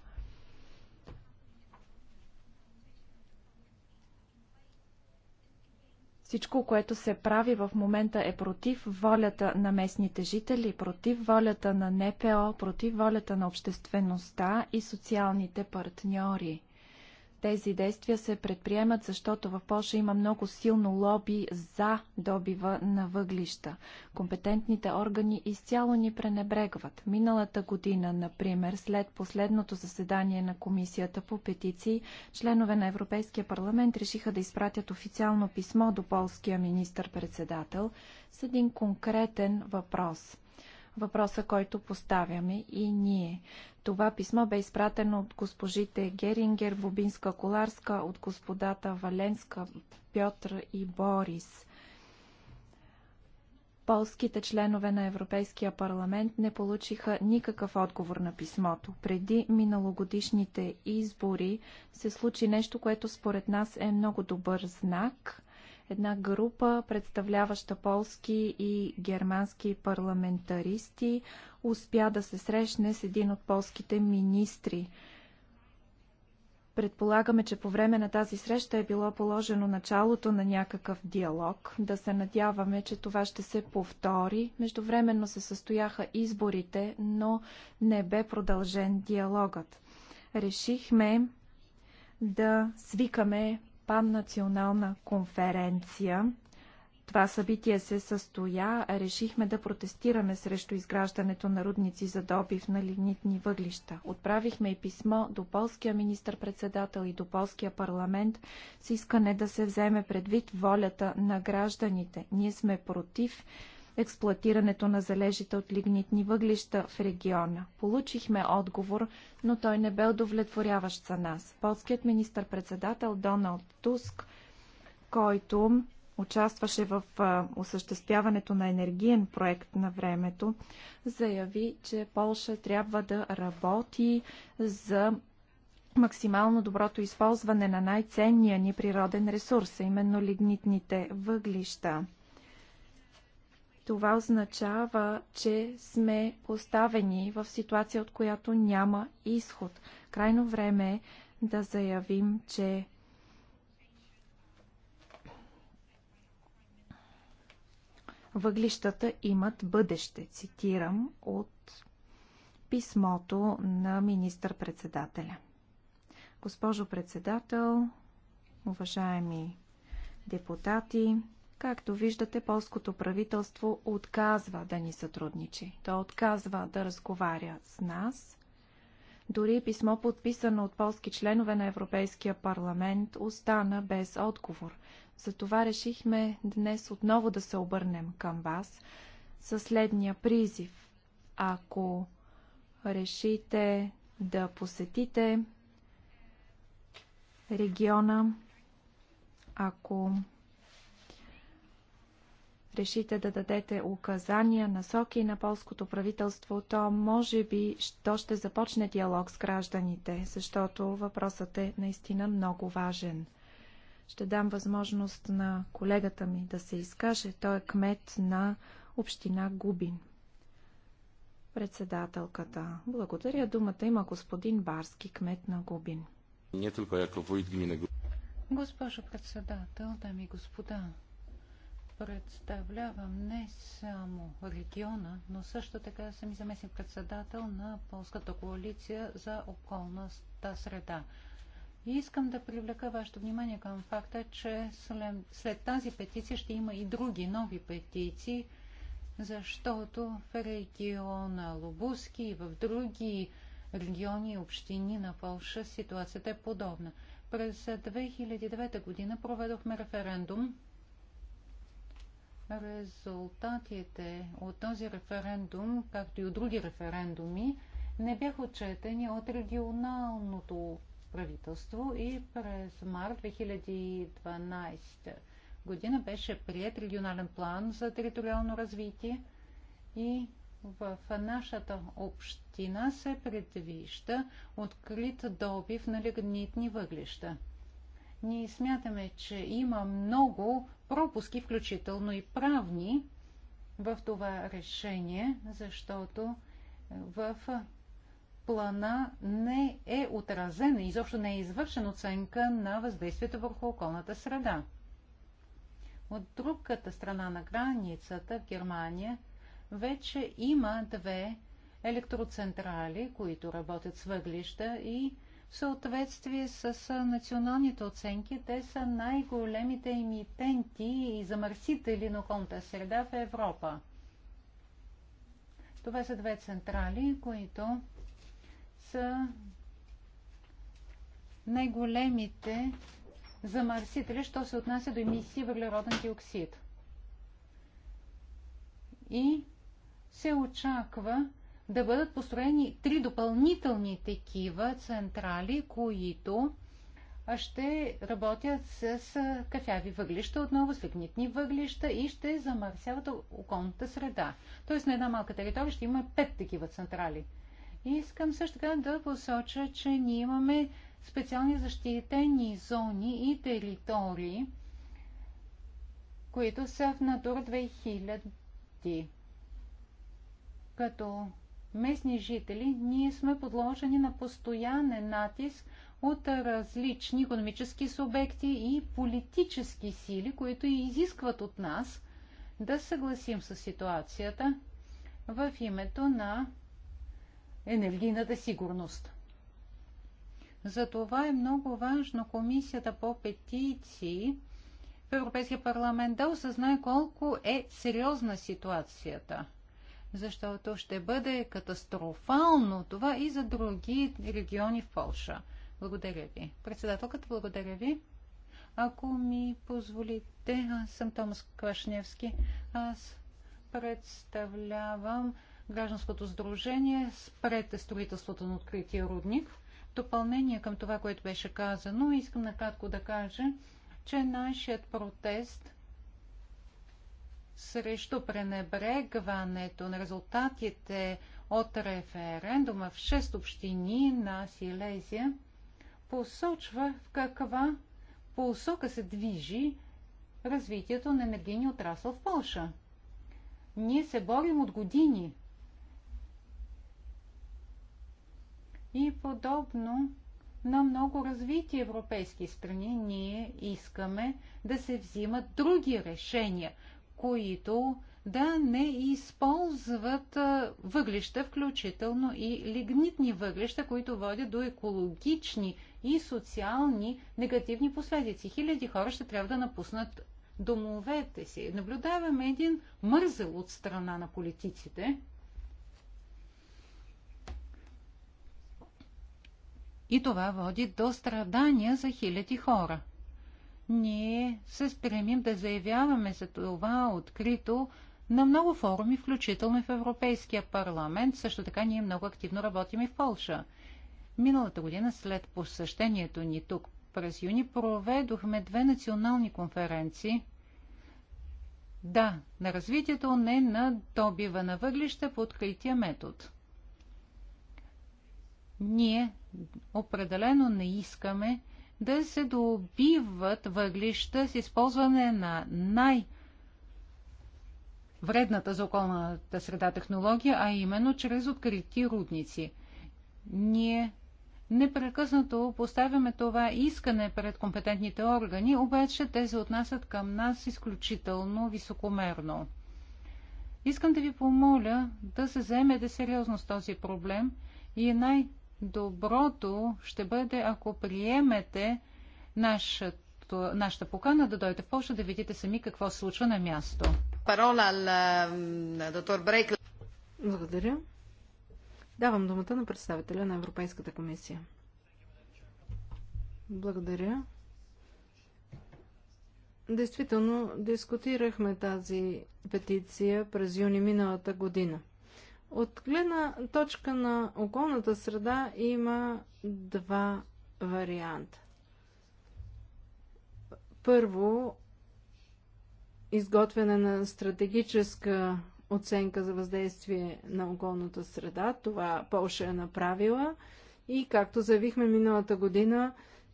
Всичко, което се прави в момента е против волята на местните жители, против волята на НПО, против волята на обществеността и социалните партньори тези действия се предприемат, защото в Польша има много силно лоби за добива на въглища. Компетентните органи изцяло ни пренебрегват. Миналата година, например, след последното заседание на Комисията по петиции, членове на Европейския парламент решиха да изпратят официално писмо до полския министър-председател с един конкретен въпрос – въпроса, който поставяме и ние. Това писмо бе изпратено от госпожите Герингер, Бубинска, Коларска, от господата Валенска, Пьотр и Борис. Полските членове на Европейския парламент не получиха никакъв отговор на писмото. Преди миналогодишните избори се случи нещо, което според нас е много добър знак една група, представляваща полски и германски парламентаристи, успя да се срещне с един от полските министри. Предполагаме, че по време на тази среща е било положено началото на някакъв диалог. Да се надяваме, че това ще се повтори. Междувременно се състояха изборите, но не бе продължен диалогът. Решихме да свикаме паннационална конференция. Това събитие се състоя. Решихме да протестираме срещу изграждането на рудници за добив на лигнитни въглища. Отправихме и писмо до полския министр-председател и до полския парламент с искане да се вземе предвид волята на гражданите. Ние сме против експлоатирането на залежите от лигнитни въглища в региона. Получихме отговор, но той не бе удовлетворяващ за нас. Полският министр-председател Доналд Туск, който участваше в осъществяването на енергиен проект на времето, заяви, че Полша трябва да работи за максимално доброто използване на най-ценния ни природен ресурс, а именно лигнитните въглища. Това означава, че сме поставени в ситуация, от която няма изход. Крайно време е да заявим, че въглищата имат бъдеще. Цитирам от писмото на министър-председателя. Госпожо председател, уважаеми депутати, Както виждате, полското правителство отказва да ни сътрудничи. То отказва да разговаря с нас. Дори писмо, подписано от полски членове на Европейския парламент, остана без отговор. Затова решихме днес отново да се обърнем към вас със следния призив. Ако решите да посетите региона, ако решите да дадете указания, насоки на полското правителство, то може би то ще започне диалог с гражданите, защото въпросът е наистина много важен. Ще дам възможност на колегата ми да се изкаже. Той е кмет на община Губин. Председателката. Благодаря. Думата има господин Барски, кмет на Губин. Не только яко Госпожо председател, дами и господа, представлявам не само региона, но също така съм и заместник председател на Полската коалиция за околната среда. И искам да привлека вашето внимание към факта, че след тази петиция ще има и други нови петиции, защото в региона Лобуски и в други региони и общини на Полша ситуацията е подобна. През 2009 година проведохме референдум резултатите от този референдум, както и от други референдуми, не бяха отчетени от регионалното правителство и през март 2012 година беше прият регионален план за териториално развитие и в нашата община се предвижда открит добив на лигнитни въглища. Ние смятаме, че има много пропуски, включително и правни, в това решение, защото е, в плана не е отразена, изобщо не е извършена оценка на въздействието върху околната среда. От другата страна на границата в Германия вече има две електроцентрали, които работят с въглища и в съответствие с националните оценки. Те са най-големите емитенти и замърсители на околната среда в Европа. Това са две централи, които са най-големите замърсители, що се отнася до емисии въглероден диоксид. И се очаква да бъдат построени три допълнителни такива централи, които ще работят с кафяви въглища, отново с лигнитни въглища и ще замърсяват околната среда. Тоест на една малка територия ще има пет такива централи. И искам също така да посоча, че ние имаме специални защитени зони и територии, които са в Натура 2000, като местни жители, ние сме подложени на постоянен натиск от различни економически субекти и политически сили, които изискват от нас да съгласим с ситуацията в името на енергийната сигурност. Затова е много важно Комисията по петиции в Европейския парламент да осъзнае колко е сериозна ситуацията – защото ще бъде катастрофално това и за други региони в Польша. Благодаря ви. Председателката, благодаря ви. Ако ми позволите, аз съм Томас Квашневски. Аз представлявам гражданското сдружение спред строителството на открития рудник. Допълнение към това, което беше казано, искам накратко да кажа, че нашият протест срещу пренебрегването на резултатите от референдума в 6 общини на Силезия посочва в каква посока се движи развитието на енергийния отрасъл в Польша. Ние се борим от години. И подобно на много развити европейски страни, ние искаме да се взимат други решения – които да не използват въглища, включително и лигнитни въглища, които водят до екологични и социални негативни последици. Хиляди хора ще трябва да напуснат домовете си. Наблюдаваме един мързел от страна на политиците. И това води до страдания за хиляди хора – ние се стремим да заявяваме за това открито на много форуми, включително и в Европейския парламент. Също така ние много активно работим и в Полша. Миналата година, след посещението ни тук през юни, проведохме две национални конференции. Да, на развитието не на добива на въглища по открития метод. Ние определено не искаме да се добиват въглища с използване на най- вредната за околната среда технология, а именно чрез открити рудници. Ние непрекъснато поставяме това искане пред компетентните органи, обаче те се отнасят към нас изключително високомерно. Искам да ви помоля да се заемете сериозно с този проблем и най- Доброто ще бъде, ако приемете нашата, нашата покана да дойдете в Польша да видите сами какво случва на място. Парола на доктор Брейк. Благодаря. Давам думата на представителя на Европейската комисия. Благодаря. Действително, дискутирахме тази петиция през юни миналата година – от гледна точка на околната среда има два варианта. Първо, изготвяне на стратегическа оценка за въздействие на околната среда. Това Полша е направила и, както заявихме миналата година,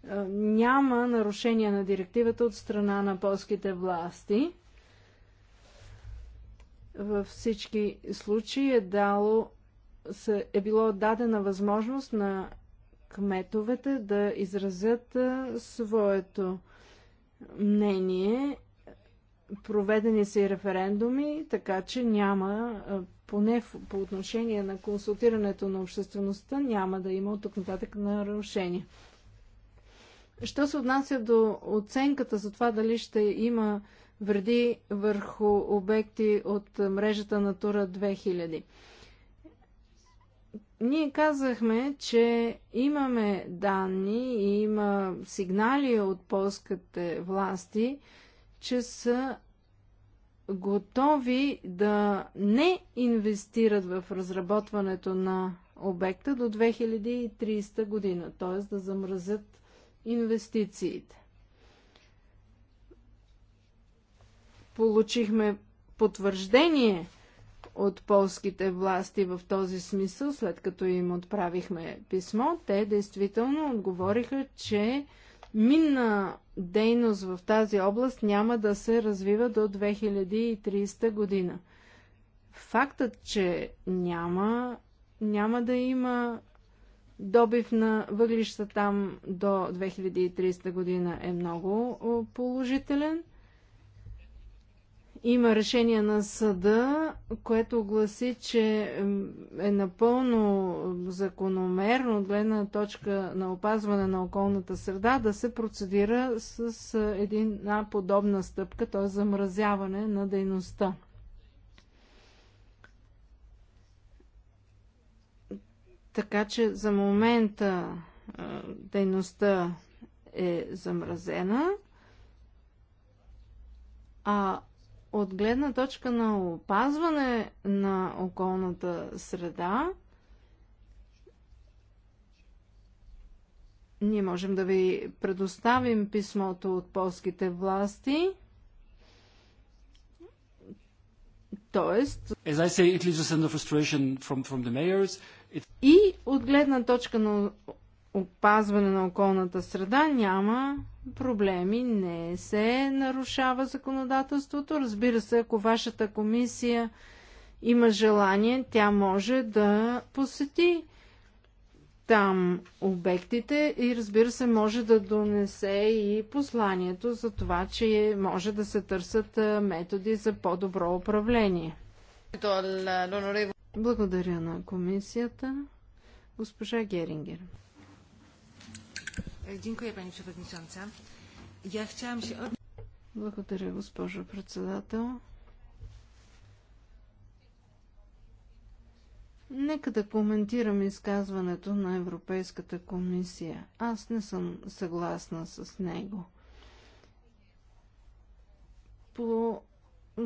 е, няма нарушение на директивата от страна на полските власти – във всички случаи е, дало, е било дадена възможност на кметовете да изразят своето мнение. Проведени са и референдуми, така че няма, поне по отношение на консултирането на обществеността, няма да има от тук нататък нарушения. Що се отнася до оценката за това дали ще има вреди върху обекти от мрежата Натура 2000. Ние казахме, че имаме данни и има сигнали от полските власти, че са готови да не инвестират в разработването на обекта до 2030 година, т.е. да замразят инвестициите. Получихме потвърждение от полските власти в този смисъл, след като им отправихме писмо, те действително отговориха, че минна дейност в тази област няма да се развива до 2030 година. Фактът, че няма, няма да има добив на въглища там до 2030 година е много положителен има решение на съда, което гласи, че е напълно закономерно от гледна точка на опазване на околната среда да се процедира с една подобна стъпка, т.е. замразяване на дейността. Така че за момента дейността е замразена, а от гледна точка на опазване на околната среда, ние можем да ви предоставим писмото от полските власти. Тоест, As I say, it leaves a sense of frustration from, from the mayors. It... и от гледна точка на опазване на околната среда няма проблеми, не се нарушава законодателството. Разбира се, ако вашата комисия има желание, тя може да посети там обектите и разбира се може да донесе и посланието за това, че може да се търсят методи за по-добро управление. Благодаря на комисията. Госпожа Герингер. Dziękuję Pani Przewodnicząca. Ja chciałam się od... Благодаря, госпожо председател. Нека да коментирам изказването на Европейската комисия. Аз не съм съгласна с него. По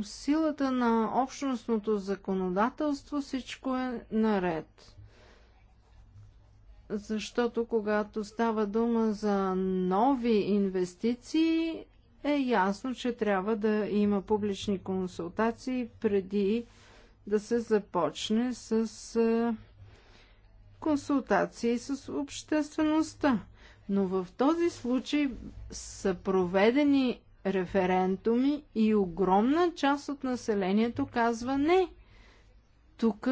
силата на общностното законодателство всичко е наред защото когато става дума за нови инвестиции, е ясно, че трябва да има публични консултации преди да се започне с е, консултации с обществеността. Но в този случай са проведени референдуми и огромна част от населението казва не. Тук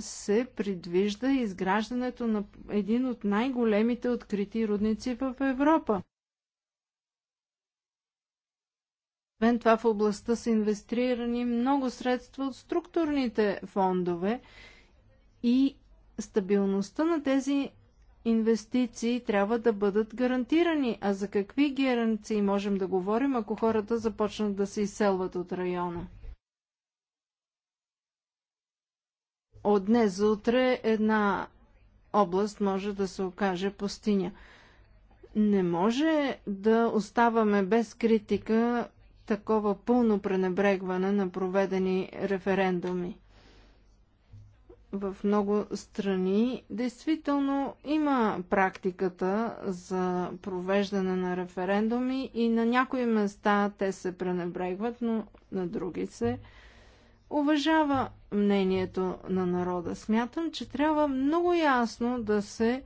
се предвижда изграждането на един от най-големите открити рудници в Европа. Освен това в областта са инвестирани много средства от структурните фондове и стабилността на тези инвестиции трябва да бъдат гарантирани. А за какви гаранции можем да говорим, ако хората започнат да се изселват от района? от днес за утре една област може да се окаже пустиня. Не може да оставаме без критика такова пълно пренебрегване на проведени референдуми. В много страни действително има практиката за провеждане на референдуми и на някои места те се пренебрегват, но на други се уважава мнението на народа. Смятам, че трябва много ясно да се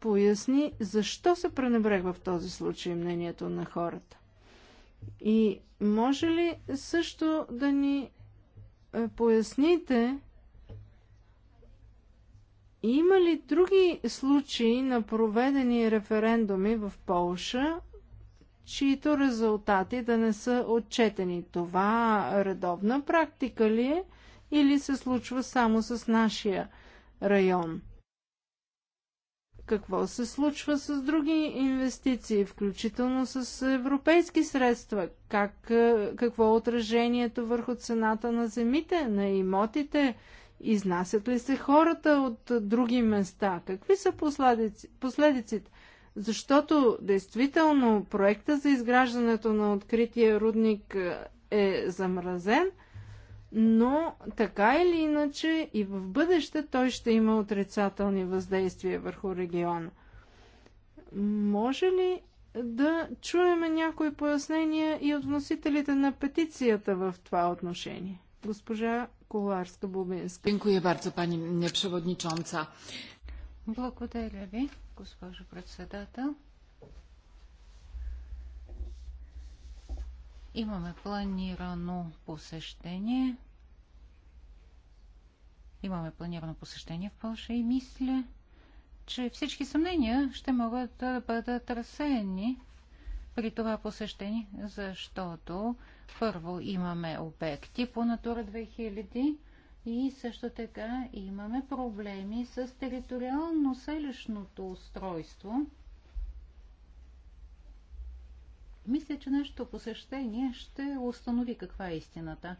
поясни защо се пренебрегва в този случай мнението на хората. И може ли също да ни е, поясните, има ли други случаи на проведени референдуми в Полша, чието резултати да не са отчетени. Това редовна практика ли е или се случва само с нашия район? Какво се случва с други инвестиции, включително с европейски средства? Как, какво е отражението върху цената на земите, на имотите? Изнасят ли се хората от други места? Какви са последици, последиците? защото действително проекта за изграждането на открития рудник е, е замразен, но така или иначе и в бъдеще той ще има отрицателни въздействия върху региона. Може ли да чуеме някои пояснения и от вносителите на петицията в това отношение? Госпожа Коварска-Бубинска. Дякую, bardzo пани Przewodnicząca. Благодаря ви, госпожо председател. Имаме планирано посещение. Имаме планирано посещение в Польша и мисля, че всички съмнения ще могат да бъдат разсеяни при това посещение, защото първо имаме обекти по Натура 2000, и също така имаме проблеми с териториално-селищното устройство. Мисля, че нашето посещение ще установи каква е истината.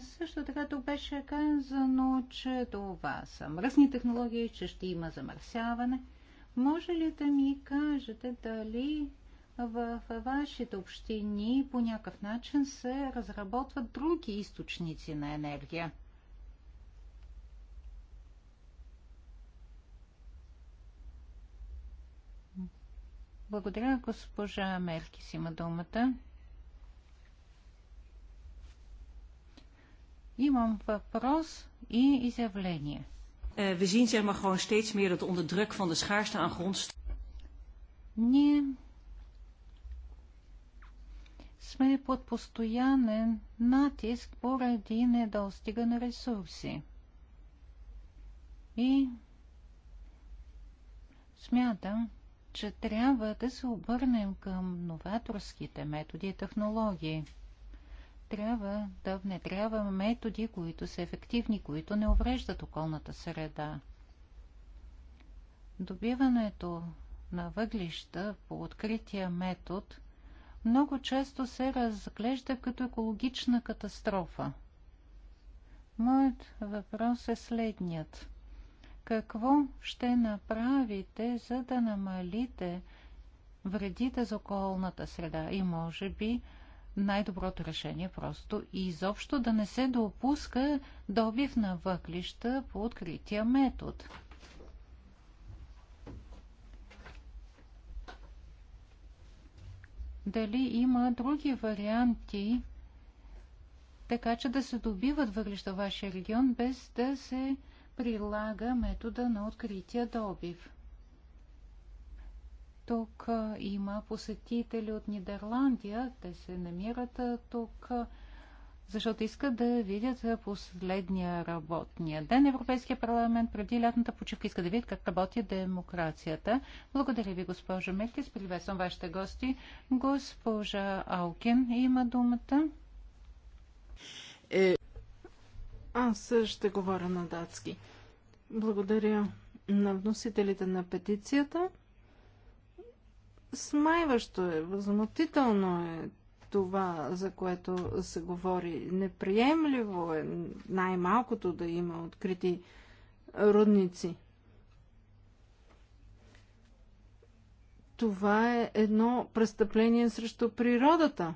Също така то беше казано, че това са мръсни технологии, че ще има замърсяване. Може ли да ми кажете дали в вашите общини по някакъв начин се разработват други източници на енергия? Благодаря. Госпожа Меркис има думата. Имам въпрос и изявление. Е, we zien zeg maar gewoon steeds meer dat onder druk van de schaarste aan grondstoffen. Ние сме под постоянен натиск поради недостига на ресурси. И смятам, че трябва да се обърнем към новаторските методи и технологии. Трябва да внедряваме методи, които са ефективни, които не увреждат околната среда. Добиването на въглища по открития метод много често се разглежда като екологична катастрофа. Моят въпрос е следният. Какво ще направите, за да намалите вредите за околната среда? И може би най-доброто решение просто и изобщо да не се допуска добив на въглища по открития метод. Дали има други варианти, така че да се добиват въглища в вашия регион, без да се прилага метода на открития добив. Тук има посетители от Нидерландия. Те се намират тук, защото искат да видят последния работния ден. Европейския парламент преди лятната почивка иска да видят как работи демокрацията. Благодаря ви, госпожа Мехтис. Приветствам вашите гости. Госпожа Алкин има думата. Е... Аз ще говоря на датски. Благодаря на вносителите на петицията. Смайващо е, възмутително е това, за което се говори. Неприемливо е най-малкото да има открити родници. Това е едно престъпление срещу природата.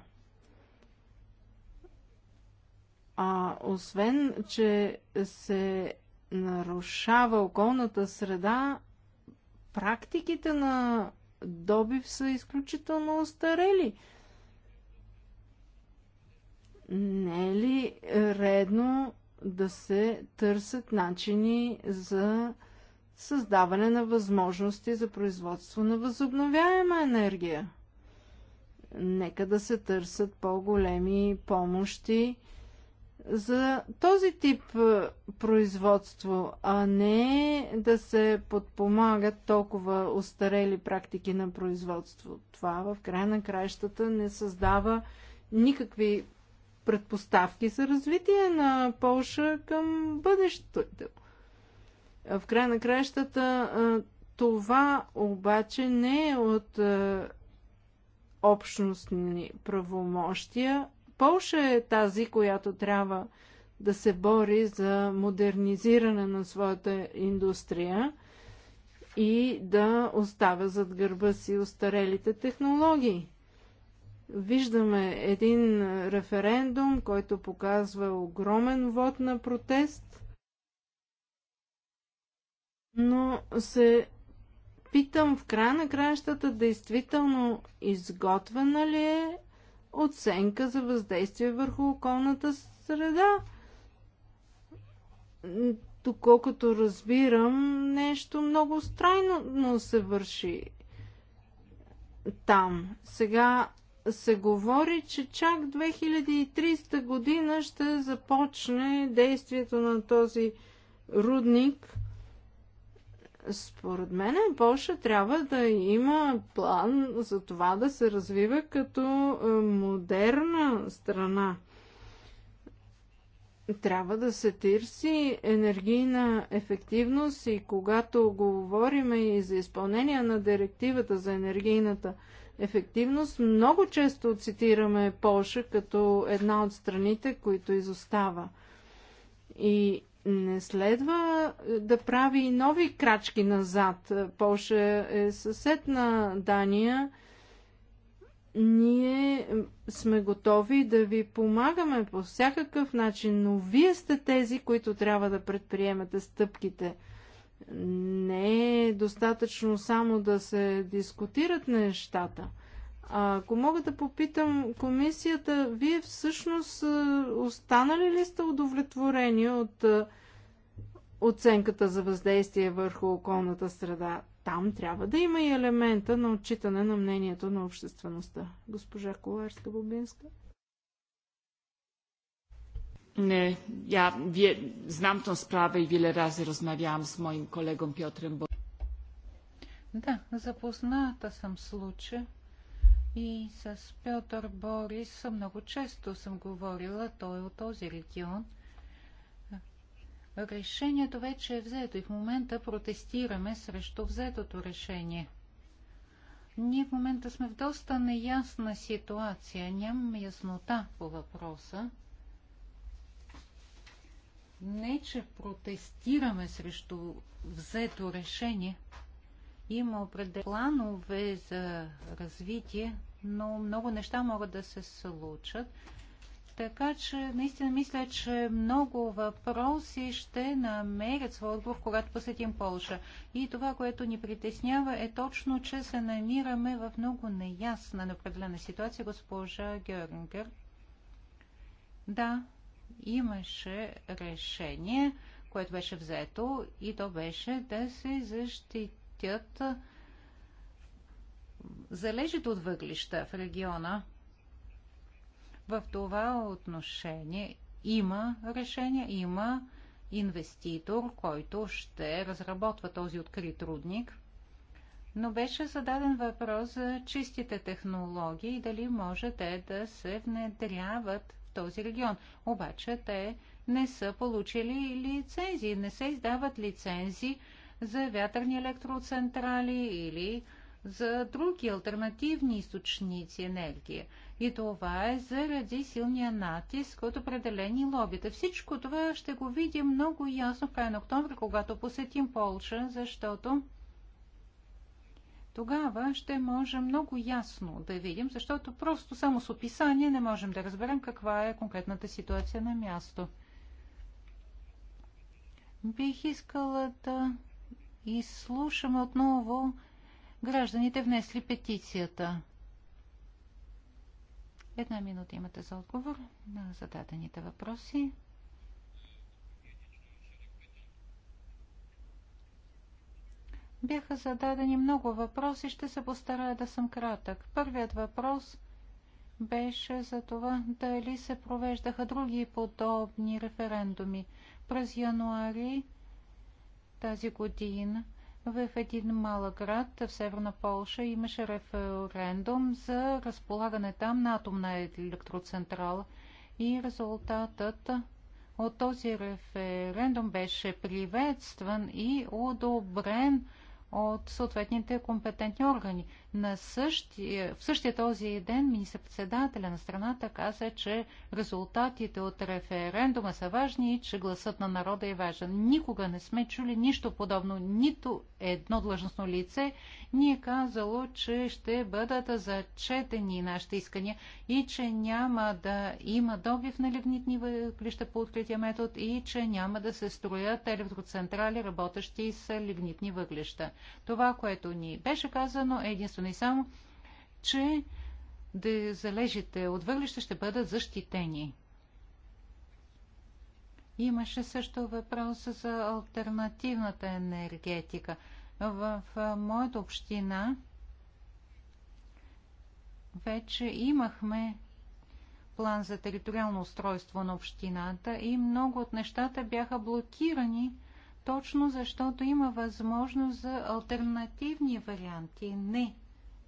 А освен, че се нарушава околната среда, практиките на добив са изключително остарели. Не е ли редно да се търсят начини за създаване на възможности за производство на възобновяема енергия? Нека да се търсят по-големи помощи за този тип е, производство, а не да се подпомагат толкова устарели практики на производство. Това в края на краищата не създава никакви предпоставки за развитие на Полша към бъдещето. В край на краищата е, това обаче не е от е, общностни правомощия, Полша е тази, която трябва да се бори за модернизиране на своята индустрия и да оставя зад гърба си устарелите технологии. Виждаме един референдум, който показва огромен вод на протест, но се питам в края на краищата, действително изготвена ли е оценка за въздействие върху околната среда. Доколкото разбирам, нещо много странно се върши там. Сега се говори, че чак 2300 година ще започне действието на този рудник – според мен Польша трябва да има план за това да се развива като е, модерна страна. Трябва да се търси енергийна ефективност и когато говорим и за изпълнение на директивата за енергийната ефективност, много често цитираме Польша като една от страните, които изостава. И не следва е, да прави нови крачки назад. Е, Полша е съсед на Дания. Ние е, сме готови да ви помагаме по всякакъв начин, но вие сте тези, които трябва да предприемете стъпките. Не е достатъчно само да се дискутират нещата – ако мога да попитам комисията, вие всъщност останали ли сте удовлетворени от оценката за въздействие върху околната среда? Там трябва да има и елемента на отчитане на мнението на обществеността. Госпожа Коларска-Бобинска. Не, я wie, знам тон справа и виле рази размавявам с моим колегом Пьотрем Бо... Да, запозната съм случая и с Петър Борис много често съм говорила, той е от този регион. Решението вече е взето и в момента протестираме срещу взетото решение. Ние в момента сме в доста неясна ситуация. Нямаме яснота по въпроса. Не, че протестираме срещу взето решение – има определени планове за развитие, но много неща могат да се случат. Така че наистина мисля, че много въпроси ще намерят своя отговор, когато посетим Полша. И това, което ни притеснява е точно, че се намираме в много неясна, неопределена ситуация, госпожа Гернгер, Да, имаше решение, което беше взето и то беше да се защити работят залежите от въглища в региона. В това отношение има решение, има инвеститор, който ще разработва този открит рудник. Но беше зададен въпрос за чистите технологии и дали може те да се внедряват в този регион. Обаче те не са получили лицензии, не се издават лицензии за вятърни електроцентрали или за други альтернативни източници енергия. И това е заради силния натиск от определени лобита. Всичко това ще го видим много ясно в края на октомври, когато посетим Полша, защото тогава ще можем много ясно да видим, защото просто само с описание не можем да разберем каква е конкретната ситуация на място. Бих искала да и слушаме отново гражданите внесли петицията. Една минута имате за отговор на зададените въпроси. Бяха зададени много въпроси, ще се постарая да съм кратък. Първият въпрос беше за това дали се провеждаха други подобни референдуми. През януари тази година в един малък град в северна Полша имаше референдум за разполагане там на атомна електроцентрала и резултатът от този референдум беше приветстван и одобрен от съответните компетентни органи. На същия, в същия този ден министър-председателя на страната каза, че резултатите от референдума са важни и че гласът на народа е важен. Никога не сме чули нищо подобно. Нито едно длъжностно лице ни е казало, че ще бъдат зачетени нашите искания и че няма да има добив на лигнитни въглища по открития метод и че няма да се строят електроцентрали, работещи с лигнитни въглища. Това, което ни беше казано е единствено единствено и само, че да залежите от въглища ще бъдат защитени. Имаше също въпрос за альтернативната енергетика. В моята община вече имахме план за териториално устройство на общината и много от нещата бяха блокирани, точно защото има възможност за альтернативни варианти, не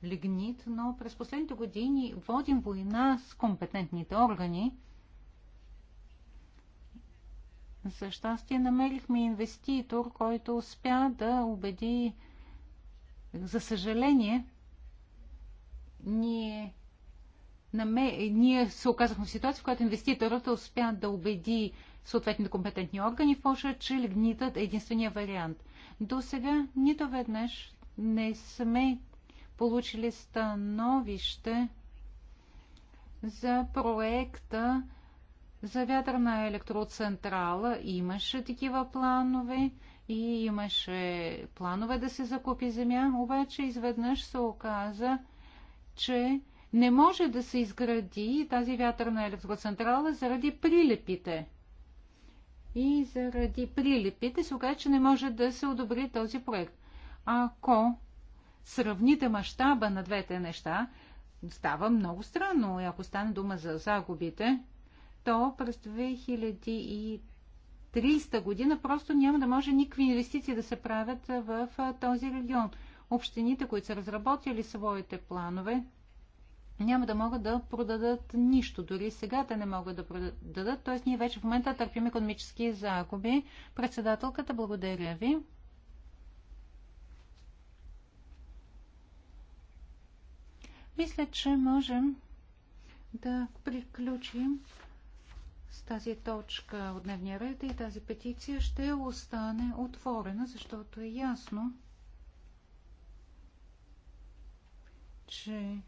лигнит, но през последните години водим война с компетентните органи. За щастие намерихме инвеститор, който успя да убеди, за съжаление, ние, наме... ние се оказахме в ситуация, в която инвеститорът успя да убеди съответните компетентни органи в Польша, че лигнитът е единствения вариант. До сега нито веднъж не сме получили становище за проекта за вятърна електроцентрала. Имаше такива планове и имаше планове да се закупи земя, обаче изведнъж се оказа, че не може да се изгради тази вятърна електроцентрала заради прилепите. И заради прилепите се оказа, че не може да се одобри този проект. Ако сравните мащаба на двете неща, става много странно. И ако стане дума за загубите, то през 2300 година просто няма да може никакви инвестиции да се правят в този регион. Общините, които са разработили своите планове, няма да могат да продадат нищо. Дори сега те не могат да продадат. Тоест ние вече в момента търпим економически загуби. Председателката, благодаря ви. Мисля, че можем да приключим с тази точка от дневния ред и тази петиция ще остане отворена, защото е ясно, че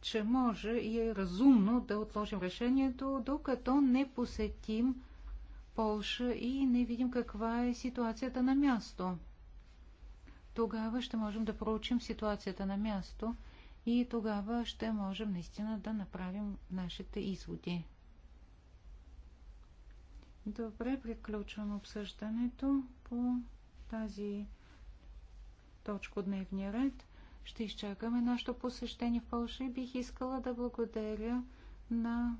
че може и е разумно да отложим решението, докато не посетим Полша и не видим каква е ситуацията на място тогава ще можем да проучим ситуацията на място и тогава ще можем наистина да направим нашите изводи. Добре, приключвам обсъждането по тази точка от дневния ред. Ще изчакаме нашето посещение в Польша и бих искала да благодаря на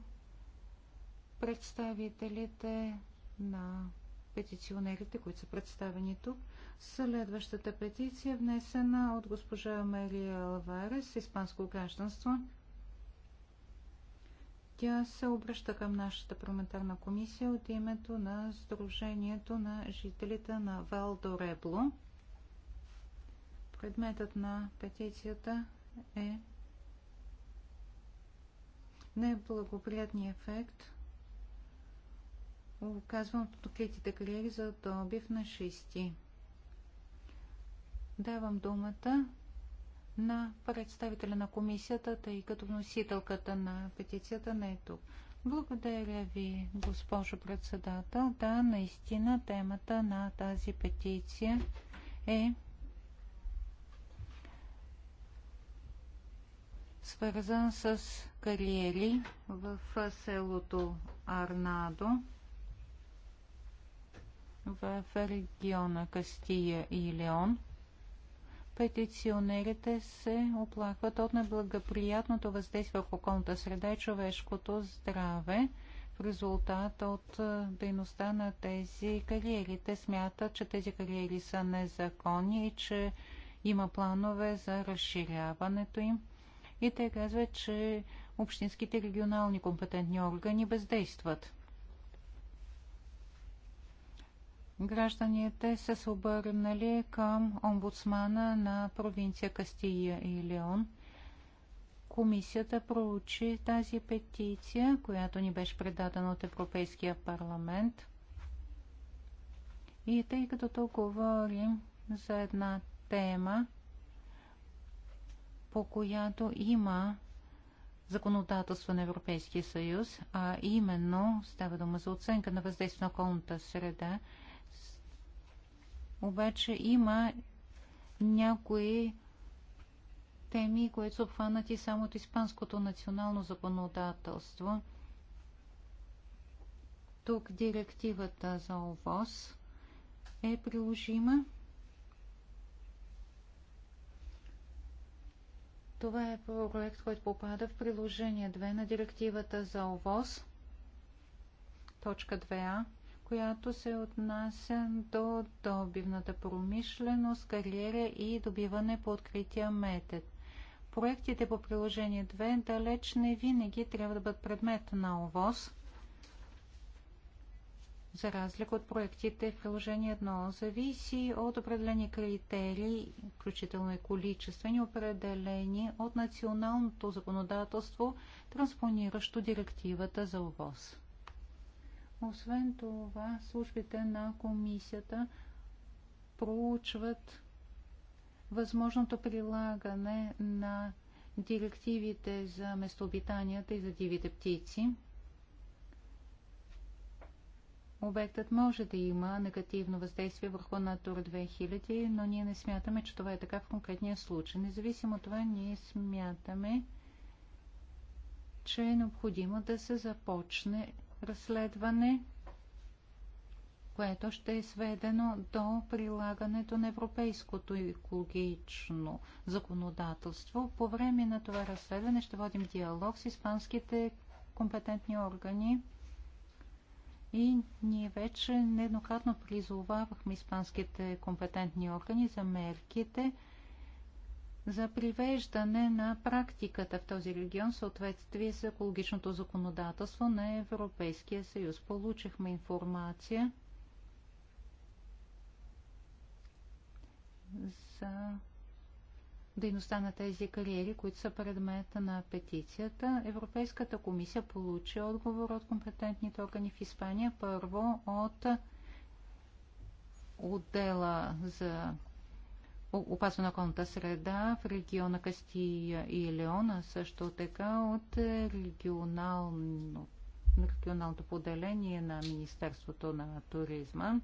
представителите на петиционерите, които са представени тук. Следващата петиция е внесена от госпожа Мария Алварес испанско гражданство. Тя се обръща към нашата парламентарна комисия от името на Сдружението на жителите на Валдо Ребло. Предметът на петицията е неблагоприятния ефект – Казвам от откритите кариери за добив на шести. Давам думата на представителя на комисията, тъй като вносителката на петицията не е тук. Благодаря ви, госпожо председател. Да, наистина темата на тази петиция е свързан с кариери в селото Арнадо в региона Кастия и Леон. Петиционерите се оплакват от неблагоприятното въздействие върху околната среда и човешкото здраве в резултат от дейността на тези кариери. Те смятат, че тези кариери са незаконни и че има планове за разширяването им. И те казват, че общинските регионални компетентни органи бездействат. гражданите са се обърнали към омбудсмана на провинция Кастия и Леон. Комисията проучи тази петиция, която ни беше предадена от Европейския парламент. И тъй като тук говорим за една тема, по която има законодателство на Европейския съюз, а именно става дума за оценка на въздействие на околната среда, обаче има някои теми, които са обхванати само от испанското национално законодателство. Тук директивата за ОВОз е приложима. Това е проект, който попада в приложение 2 на директивата за ОВОз, точка 2а която се отнася до добивната промишленост, кариера и добиване по открития метод. Проектите по приложение 2 далеч не винаги трябва да бъдат предмет на ОВОз, за разлика от проектите в приложение 1. Зависи от определени критерии, включително и количествени, определени от националното законодателство, транспониращо директивата за ОВОз. Освен това, службите на комисията проучват възможното прилагане на директивите за местообитанията и за дивите птици. Обектът може да има негативно въздействие върху Натура 2000, но ние не смятаме, че това е така в конкретния случай. Независимо от това, ние смятаме, че е необходимо да се започне разследване, което ще е сведено до прилагането на европейското екологично законодателство. По време на това разследване ще водим диалог с испанските компетентни органи и ние вече нееднократно призовавахме испанските компетентни органи за мерките, за привеждане на практиката в този регион в съответствие с екологичното законодателство на Европейския съюз. Получихме информация за дейността на тези кариери, които са предмета на петицията. Европейската комисия получи отговор от компетентните органи в Испания, първо от отдела за опазване на околната среда в региона Кастия и Леона, също така от регионално, регионалното поделение на Министерството на туризма.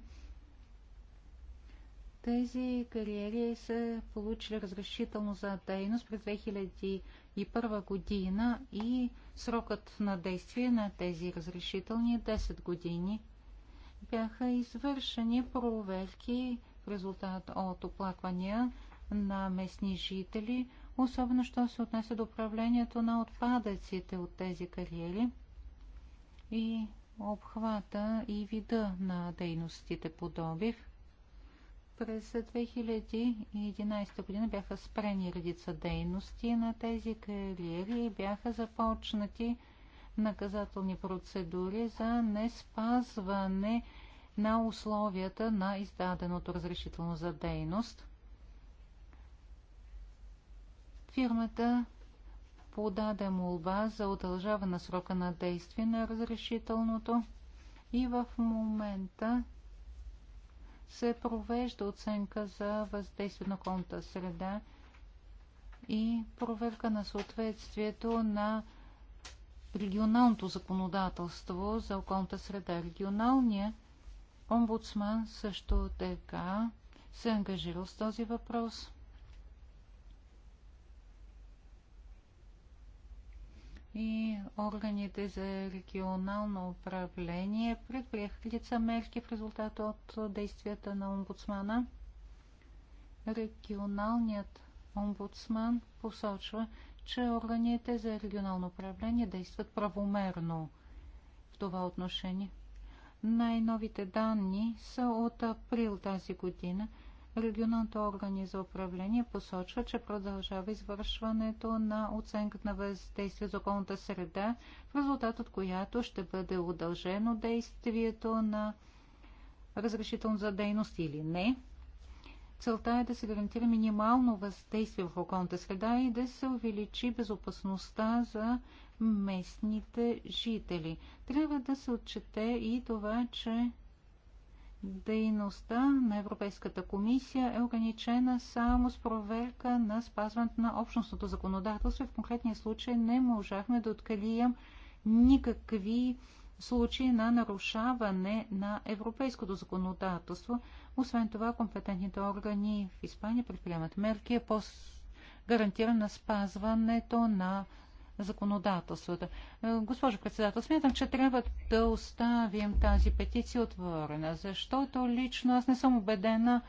Тези кариери са получили разрешително за дейност през 2001 година и срокът на действие на тези разрешителни е 10 години. Бяха извършени проверки резултат от оплаквания на местни жители, особено що се отнася до управлението на отпадъците от тези кариери и обхвата и вида на дейностите по добив. През 2011 година бяха спрени редица дейности на тези кариери и бяха започнати наказателни процедури за неспазване спазване на условията на издаденото разрешително за дейност. Фирмата подаде молба за удължаване на срока на действие на разрешителното и в момента се провежда оценка за въздействие на околната среда и проверка на съответствието на регионалното законодателство за околната среда. Регионалният Омбудсман също така се е ангажирал с този въпрос. И органите за регионално управление предприеха лица мерки в резултат от действията на омбудсмана. Регионалният омбудсман посочва, че органите за регионално управление действат правомерно в това отношение. Най-новите данни са от април тази година. Регионалните органи за управление посочва, че продължава извършването на оценката на въздействие за околната среда, в резултат от която ще бъде удължено действието на разрешително за дейност или не. Целта е да се гарантира минимално въздействие в околната среда и да се увеличи безопасността за местните жители. Трябва да се отчете и това, че дейността на Европейската комисия е ограничена само с проверка на спазването на общностното законодателство. В конкретния случай не можахме да открием никакви случаи на нарушаване на европейското законодателство. Освен това, компетентните органи в Испания предприемат мерки е по гарантиране на спазването на законодателството. Е, госпожо председател, смятам, че трябва да оставим тази петиция отворена, защото лично аз не съм убедена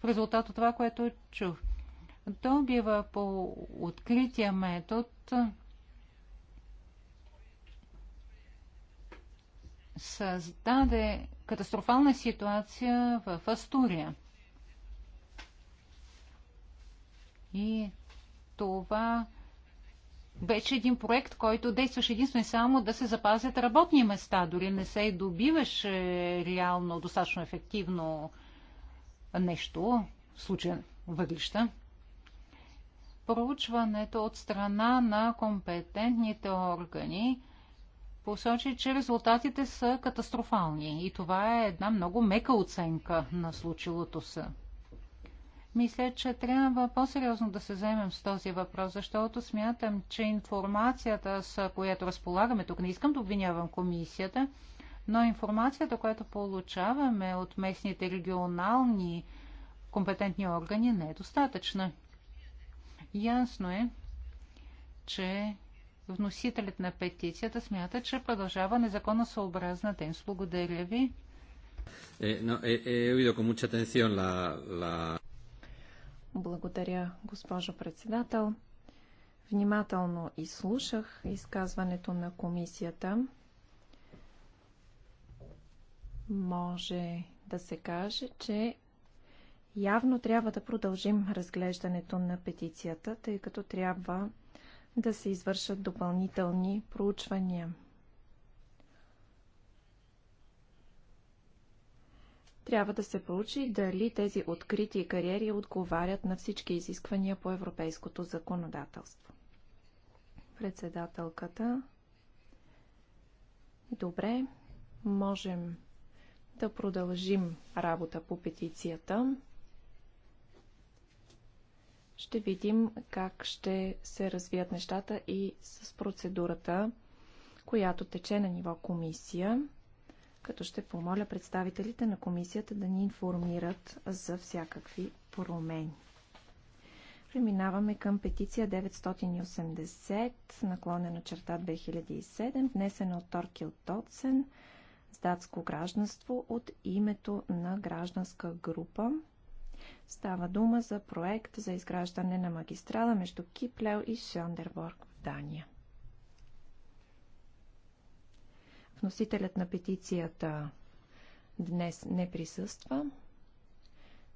в резултат от това, което чух. Добива по открития метод създаде катастрофална ситуация в Астурия. И това беше един проект, който действаше единствено и само да се запазят работни места. Дори не се добиваше реално достатъчно ефективно нещо, в случая въглища. Проучването от страна на компетентните органи – посочи, че резултатите са катастрофални и това е една много мека оценка на случилото се. Мисля, че трябва по-сериозно да се вземем с този въпрос, защото смятам, че информацията, с която разполагаме, тук не искам да обвинявам комисията, но информацията, която получаваме от местните регионални компетентни органи, не е достатъчна. Ясно е, че вносителят на петицията смята, че продължава незаконно съобразна дейност. Благодаря ви. Е, е, е, Благодаря, госпожо председател. Внимателно изслушах изказването на комисията. Може да се каже, че явно трябва да продължим разглеждането на петицията, тъй като трябва да се извършат допълнителни проучвания. Трябва да се проучи дали тези открити кариери отговарят на всички изисквания по европейското законодателство. Председателката. Добре, можем да продължим работа по петицията. Ще видим как ще се развият нещата и с процедурата, която тече на ниво комисия, като ще помоля представителите на комисията да ни информират за всякакви промени. Преминаваме към петиция 980, наклонена черта 2007, внесена от Торкил Тоцен с датско гражданство от името на гражданска група, Става дума за проект за изграждане на магистрала между Киплео и Шандерборг в Дания. Вносителят на петицията днес не присъства.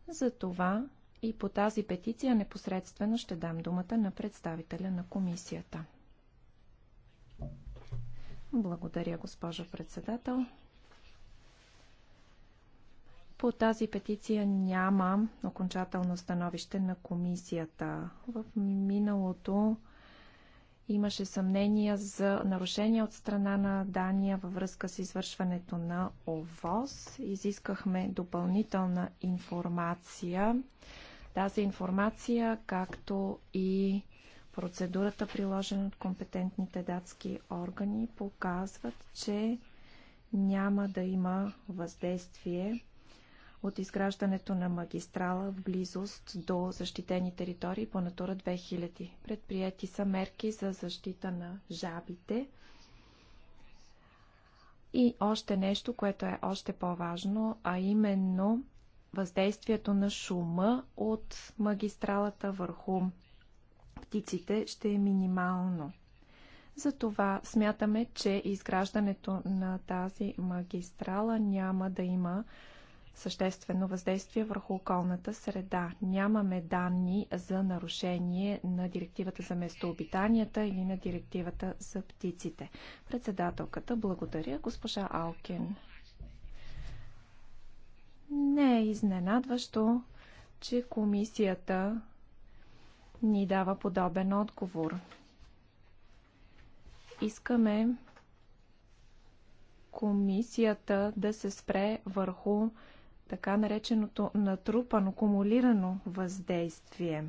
Затова и по тази петиция непосредствено ще дам думата на представителя на комисията. Благодаря, госпожо председател. По тази петиция няма окончателно становище на комисията. В миналото имаше съмнения за нарушения от страна на Дания във връзка с извършването на ОВОз. Изискахме допълнителна информация. Тази информация, както и процедурата, приложена от компетентните датски органи, показват, че няма да има въздействие от изграждането на магистрала в близост до защитени територии по Натура 2000. Предприяти са мерки за защита на жабите. И още нещо, което е още по-важно, а именно въздействието на шума от магистралата върху птиците ще е минимално. Затова смятаме, че изграждането на тази магистрала няма да има съществено въздействие върху околната среда. Нямаме данни за нарушение на директивата за местообитанията или на директивата за птиците. Председателката благодаря госпожа Алкен. Не е изненадващо, че комисията ни дава подобен отговор. Искаме комисията да се спре върху така нареченото натрупано, кумулирано въздействие.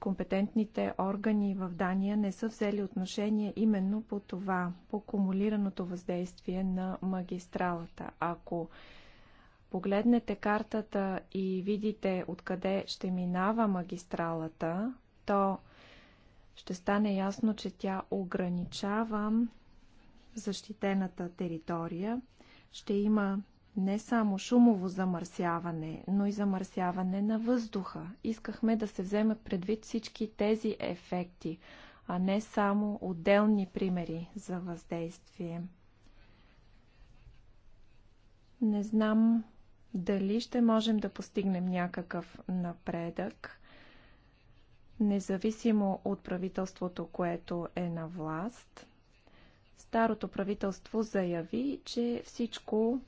Компетентните органи в Дания не са взели отношение именно по това, по кумулираното въздействие на магистралата. Ако погледнете картата и видите откъде ще минава магистралата, то ще стане ясно, че тя ограничава защитената територия ще има не само шумово замърсяване, но и замърсяване на въздуха. Искахме да се вземе предвид всички тези ефекти, а не само отделни примери за въздействие. Не знам дали ще можем да постигнем някакъв напредък, независимо от правителството, което е на власт – Старото правителство заяви, че всичко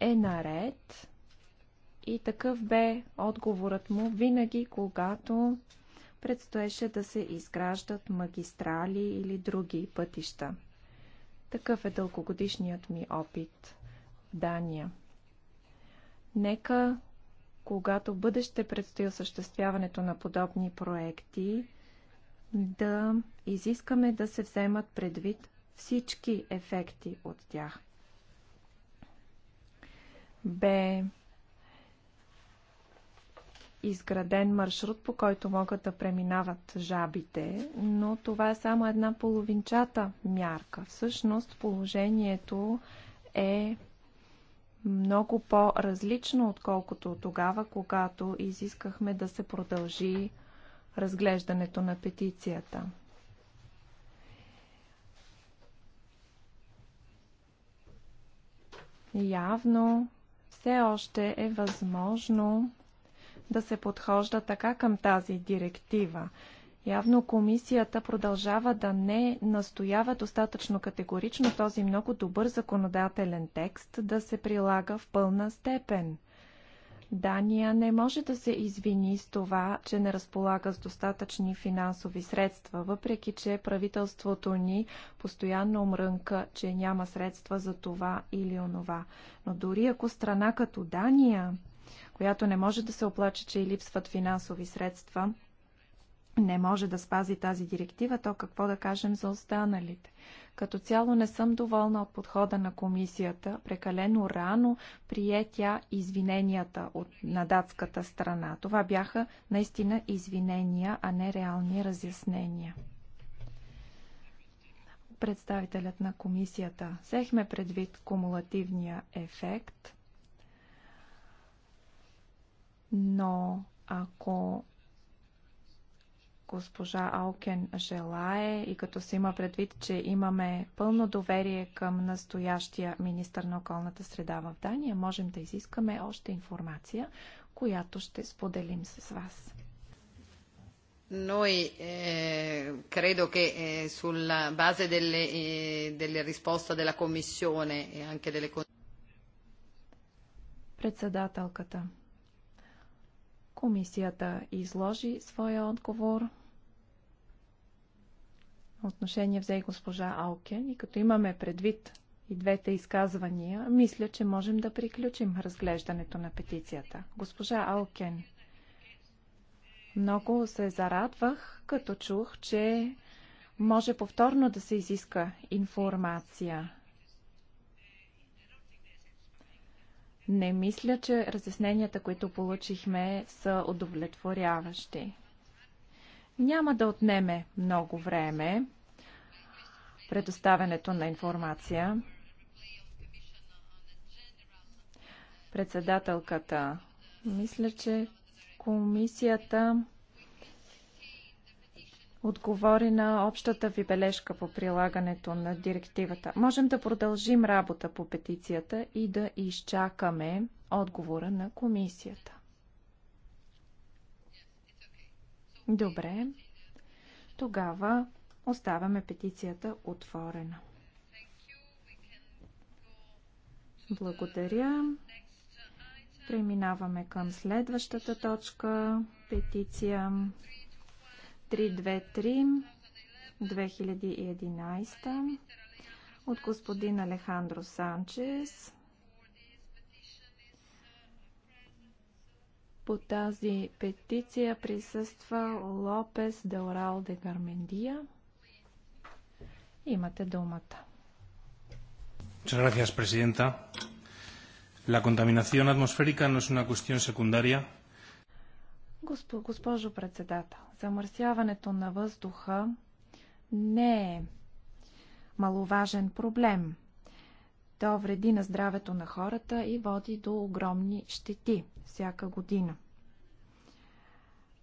е наред и такъв бе отговорът му винаги, когато предстоеше да се изграждат магистрали или други пътища. Такъв е дългогодишният ми опит в Дания. Нека, когато бъдеще предстои осъществяването на подобни проекти, да изискаме да се вземат предвид всички ефекти от тях. Бе изграден маршрут, по който могат да преминават жабите, но това е само една половинчата мярка. Всъщност положението е много по-различно, отколкото тогава, когато изискахме да се продължи разглеждането на петицията. Явно все още е възможно да се подхожда така към тази директива. Явно комисията продължава да не настоява достатъчно категорично този много добър законодателен текст да се прилага в пълна степен – Дания не може да се извини с това, че не разполага с достатъчни финансови средства, въпреки че правителството ни постоянно мрънка, че няма средства за това или онова. Но дори ако страна като Дания, която не може да се оплаче, че и липсват финансови средства, не може да спази тази директива, то какво да кажем за останалите? Като цяло не съм доволна от подхода на комисията. Прекалено рано прие тя извиненията от, на датската страна. Това бяха наистина извинения, а не реални разяснения. Представителят на комисията. Взехме предвид кумулативния ефект, но ако госпожа Алкен желае и като се има предвид, че имаме пълно доверие към настоящия министър на околната среда в Дания, можем да изискаме още информация, която ще споделим с вас. Noi eh, credo che eh, sulla base delle, eh, delle risposte della Commissione e anche delle... Председателката. Комисията изложи своя отговор. Отношение взе и госпожа Алкен и като имаме предвид и двете изказвания, мисля, че можем да приключим разглеждането на петицията. Госпожа Алкен, много се зарадвах, като чух, че може повторно да се изиска информация. Не мисля, че разясненията, които получихме, са удовлетворяващи. Няма да отнеме много време предоставянето на информация. Председателката, мисля, че комисията отговори на общата ви бележка по прилагането на директивата. Можем да продължим работа по петицията и да изчакаме отговора на комисията. Добре. Тогава оставяме петицията отворена. Благодаря. Преминаваме към следващата точка. Петиция 323 2011 от господин Алехандро Санчес. По тази петиция присъства Лопес Деорал де Гармендия. Имате думата. Muchas gracias, Presidenta. La contaminación atmosférica no es una cuestión secundaria, госпожо председател, замърсяването на въздуха не е маловажен проблем. То вреди на здравето на хората и води до огромни щети всяка година.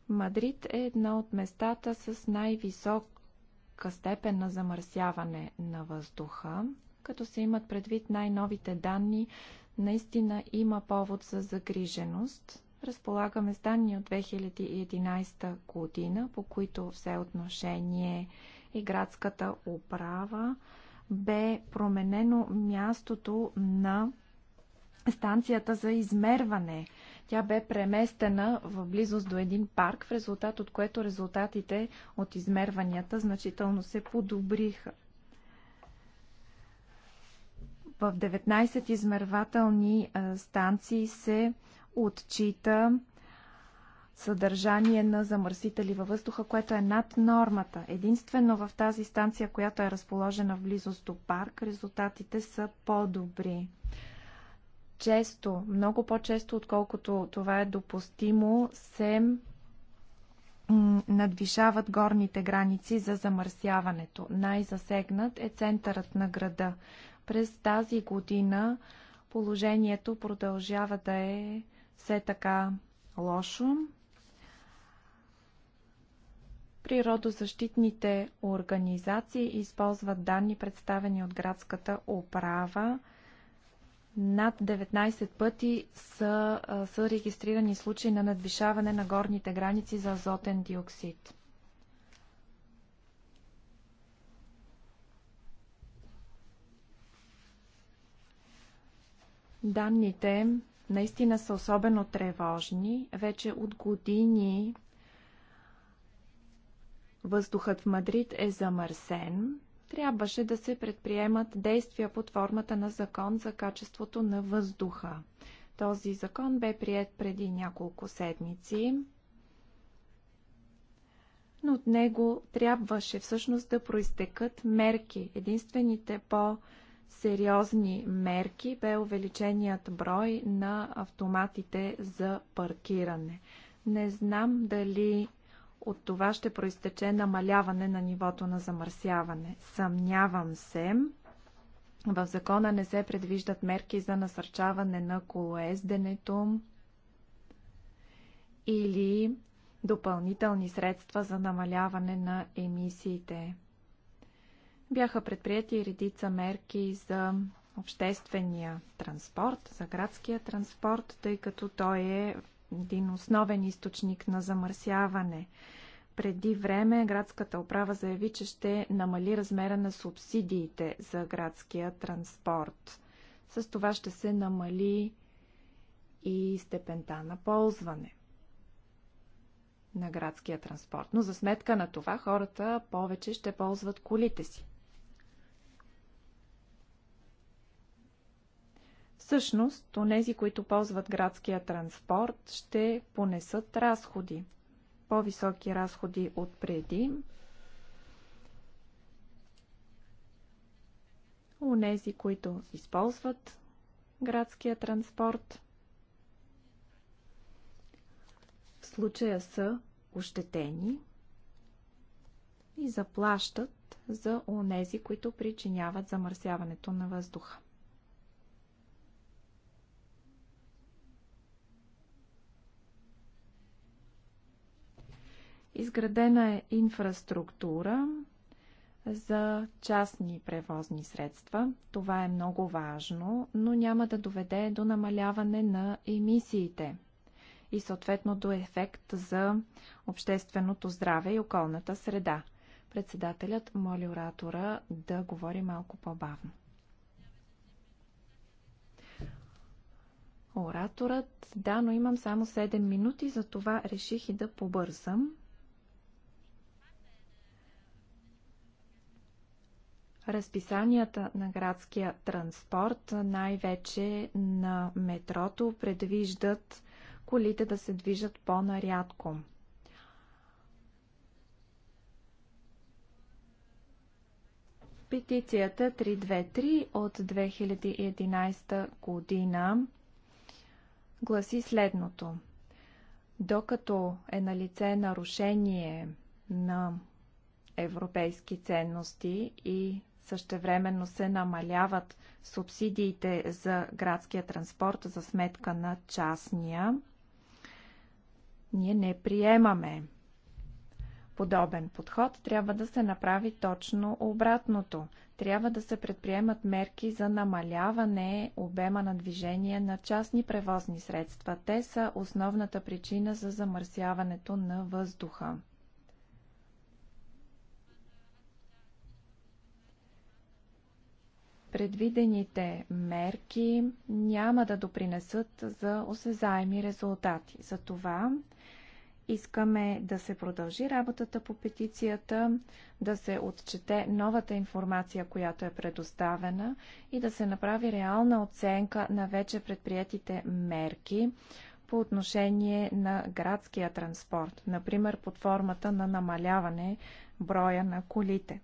Мадрид е една от местата с най-висока степен на замърсяване на въздуха. Като се имат предвид най-новите данни, наистина има повод за загриженост. Разполагаме с данни от 2011 година, по които все отношение и градската управа бе променено мястото на станцията за измерване. Тя бе преместена в близост до един парк, в резултат от което резултатите от измерванията значително се подобриха. В 19 измервателни станции се отчита съдържание на замърсители във въздуха, което е над нормата. Единствено в тази станция, която е разположена в близост до парк, резултатите са по-добри. Често, много по-често, отколкото това е допустимо, се надвишават горните граници за замърсяването. Най-засегнат е центърът на града. През тази година положението продължава да е все така лошо. Природозащитните организации използват данни, представени от градската управа. Над 19 пъти са, са регистрирани случаи на надвишаване на горните граници за азотен диоксид. Данните наистина са особено тревожни. Вече от години въздухът в Мадрид е замърсен. Трябваше да се предприемат действия под формата на закон за качеството на въздуха. Този закон бе прият преди няколко седмици, но от него трябваше всъщност да проистекат мерки. Единствените по- сериозни мерки бе увеличеният брой на автоматите за паркиране. Не знам дали от това ще проистече намаляване на нивото на замърсяване. Съмнявам се. В закона не се предвиждат мерки за насърчаване на колоезденето или допълнителни средства за намаляване на емисиите. Бяха предприяти редица мерки за обществения транспорт, за градския транспорт, тъй като той е един основен източник на замърсяване. Преди време градската управа заяви, че ще намали размера на субсидиите за градския транспорт. С това ще се намали и степента на ползване на градския транспорт. Но за сметка на това хората повече ще ползват колите си. Всъщност, онези, които ползват градския транспорт, ще понесат разходи. По-високи разходи от преди. Онези, които използват градския транспорт, в случая са ощетени и заплащат за онези, които причиняват замърсяването на въздуха. Изградена е инфраструктура за частни превозни средства. Това е много важно, но няма да доведе до намаляване на емисиите и съответно до ефект за общественото здраве и околната среда. Председателят моли оратора да говори малко по-бавно. Ораторът, да, но имам само 7 минути, затова реших и да побързам. разписанията на градския транспорт, най-вече на метрото, предвиждат колите да се движат по-нарядко. Петицията 323 от 2011 година гласи следното. Докато е на лице нарушение на европейски ценности и Същевременно се намаляват субсидиите за градския транспорт за сметка на частния. Ние не приемаме подобен подход. Трябва да се направи точно обратното. Трябва да се предприемат мерки за намаляване обема на движение на частни превозни средства. Те са основната причина за замърсяването на въздуха. предвидените мерки няма да допринесат за осезаеми резултати. Затова искаме да се продължи работата по петицията, да се отчете новата информация, която е предоставена и да се направи реална оценка на вече предприятите мерки по отношение на градския транспорт, например под формата на намаляване броя на колите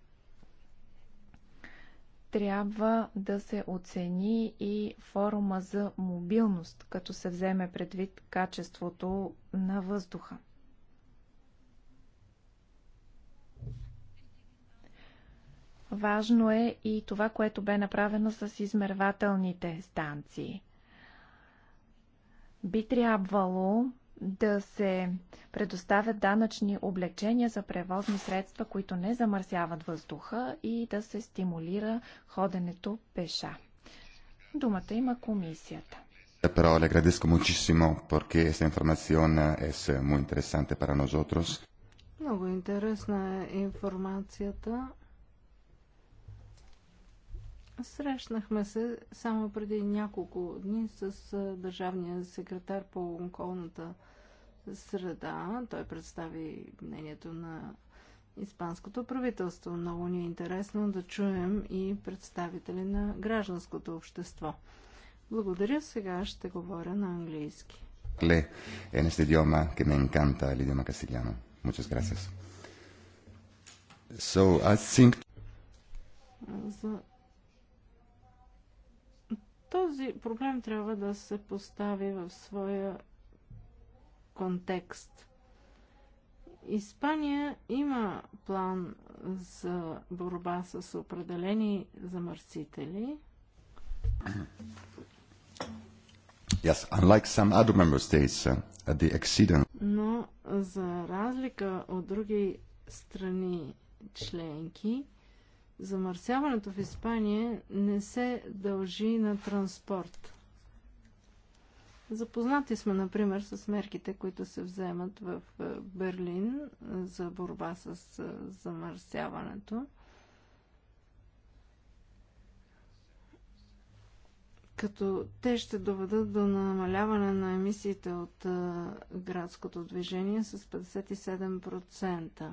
трябва да се оцени и форума за мобилност, като се вземе предвид качеството на въздуха. Важно е и това, което бе направено с измервателните станции. Би трябвало да се предоставят данъчни облегчения за превозни средства, които не замърсяват въздуха и да се стимулира ходенето пеша. Думата има комисията. Però le agradezco muchísimo porque esta información es muy interesante para nosotros. Много интересна е информацията. Срещнахме се само преди няколко дни с държавния секретар по околната среда. Той представи мнението на Испанското правителство. Много ни е интересно да чуем и представители на гражданското общество. Благодаря. Сега ще говоря на английски. Ле, е este idioma ке ме encanta, el idioma Muchas gracias. So, I think... За... Този проблем трябва да се постави в своя контекст. Испания има план за борба с определени замърсители. Yes, unlike some other member states, uh, the accident... Но за разлика от други страни членки, замърсяването в Испания не се дължи на транспорт. Запознати сме, например, с мерките, които се вземат в е, Берлин е, за борба с е, замърсяването. като те ще доведат до намаляване на емисиите от градското движение с 57%.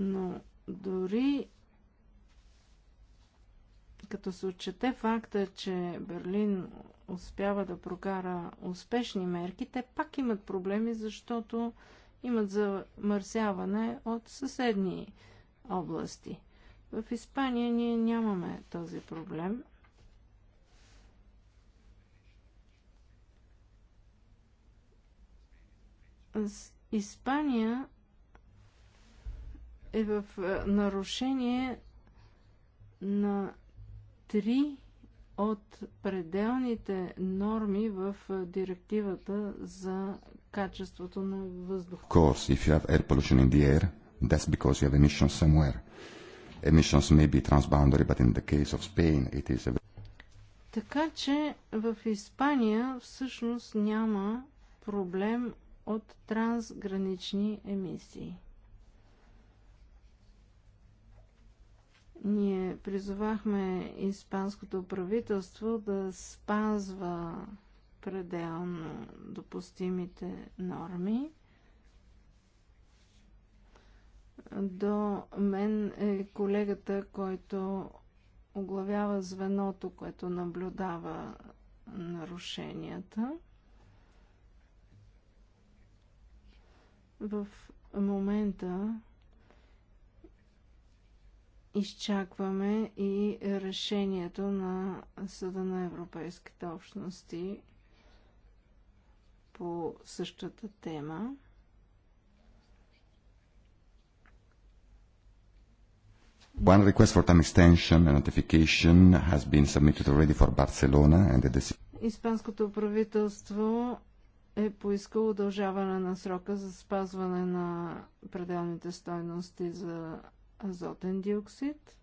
Но дори като се отчете факта, че Берлин успява да прокара успешни мерки, те пак имат проблеми, защото имат замърсяване от съседни области. В Испания ние нямаме този проблем. Испания е в е, нарушение на три от пределните норми в директивата за качеството на въздуха. Of course, if you have air pollution in the air, that's because you have emissions somewhere. Emissions may be transboundary, but in the case of Spain it is a... Така че в Испания всъщност няма проблем от трансгранични емисии. Ние призовахме испанското правителство да спазва пределно допустимите норми. До мен е колегата, който оглавява звеното, което наблюдава нарушенията. В момента изчакваме и решението на Съда на Европейските общности по същата тема. One request for time extension and notification has been submitted already for Barcelona and the decision. Испанското правителство е поискало удължаване на срока за спазване на пределните стойности за азотен диоксид.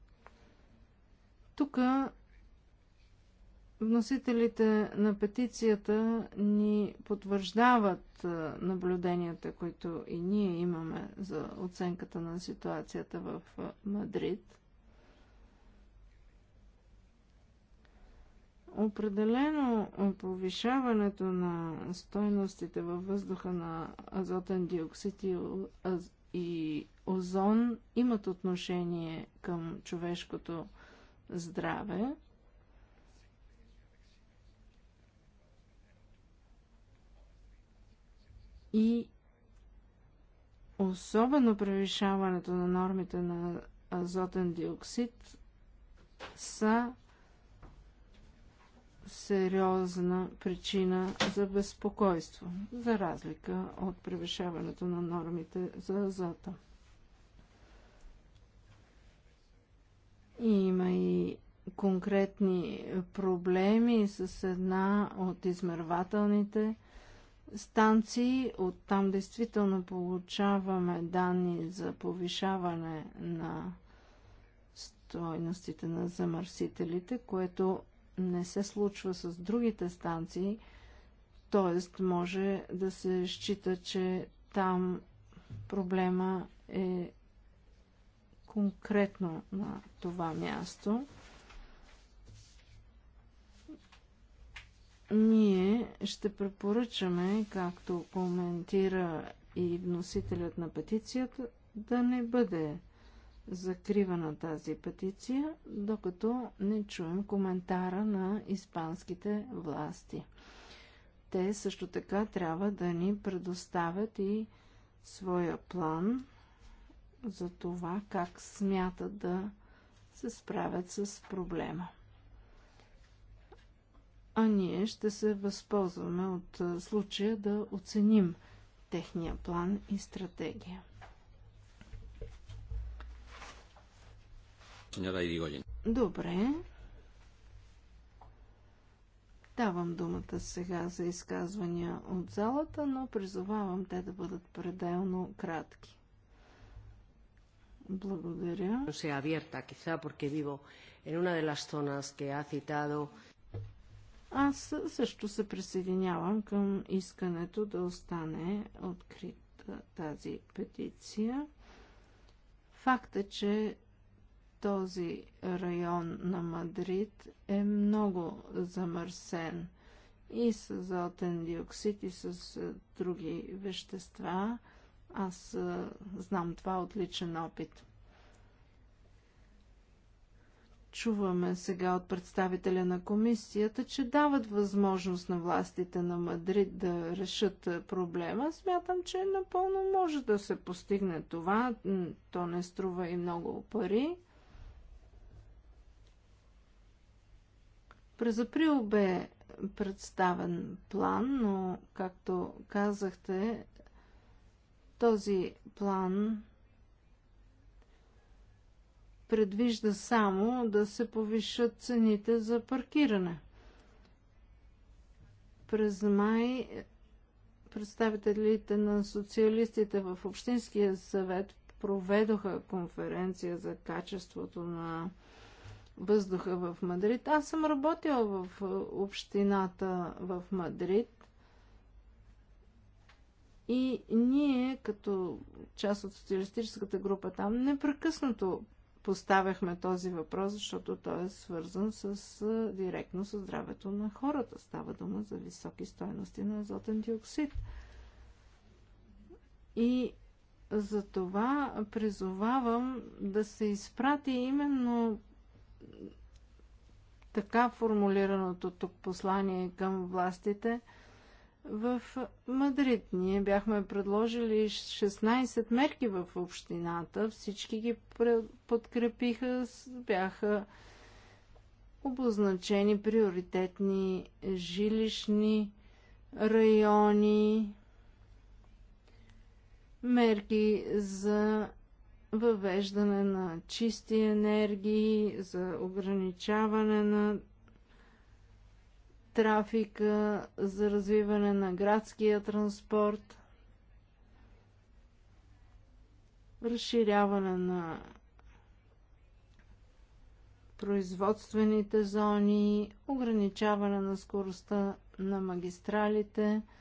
Тук вносителите на петицията ни потвърждават наблюденията, които и ние имаме за оценката на ситуацията в Мадрид. Определено повишаването на стойностите във въздуха на азотен диоксид и и озон имат отношение към човешкото здраве. И особено превишаването на нормите на азотен диоксид са сериозна причина за безпокойство, за разлика от превишаването на нормите за азота. Има и конкретни проблеми с една от измервателните станции. Оттам действително получаваме данни за повишаване на стойностите на замърсителите, което не се случва с другите станции, т.е. може да се счита, че там проблема е конкретно на това място. Ние ще препоръчаме, както коментира и вносителят на петицията, да не бъде закрива на тази петиция, докато не чуем коментара на испанските власти. Те също така трябва да ни предоставят и своя план за това как смятат да се справят с проблема. А ние ще се възползваме от случая да оценим техния план и стратегия. Добре. Давам думата сега за изказвания от залата, но призовавам те да бъдат пределно кратки. Благодаря. Sea abierta, quizá porque vivo en una de las zonas que ha citado. Аз също се присъединявам към искането да остане открита тази петиция. Факт е, че този район на Мадрид е много замърсен и с азотен диоксид, и с е, други вещества. Аз е, знам това от личен опит. Чуваме сега от представителя на комисията, че дават възможност на властите на Мадрид да решат е, проблема. Смятам, че напълно може да се постигне това. То не струва и много пари. През април бе представен план, но, както казахте, този план предвижда само да се повишат цените за паркиране. През май представителите на социалистите в Общинския съвет проведоха конференция за качеството на въздуха в Мадрид. Аз съм работила в общината в Мадрид и ние, като част от социалистическата група там, непрекъснато поставяхме този въпрос, защото той е свързан с, директно с здравето на хората. Става дума за високи стоености на азотен диоксид. И за това призовавам да се изпрати именно така формулираното тук послание към властите в Мадрид. Ние бяхме предложили 16 мерки в общината, всички ги подкрепиха, бяха обозначени приоритетни жилищни райони, мерки за въвеждане на чисти енергии, за ограничаване на трафика, за развиване на градския транспорт, разширяване на производствените зони, ограничаване на скоростта на магистралите –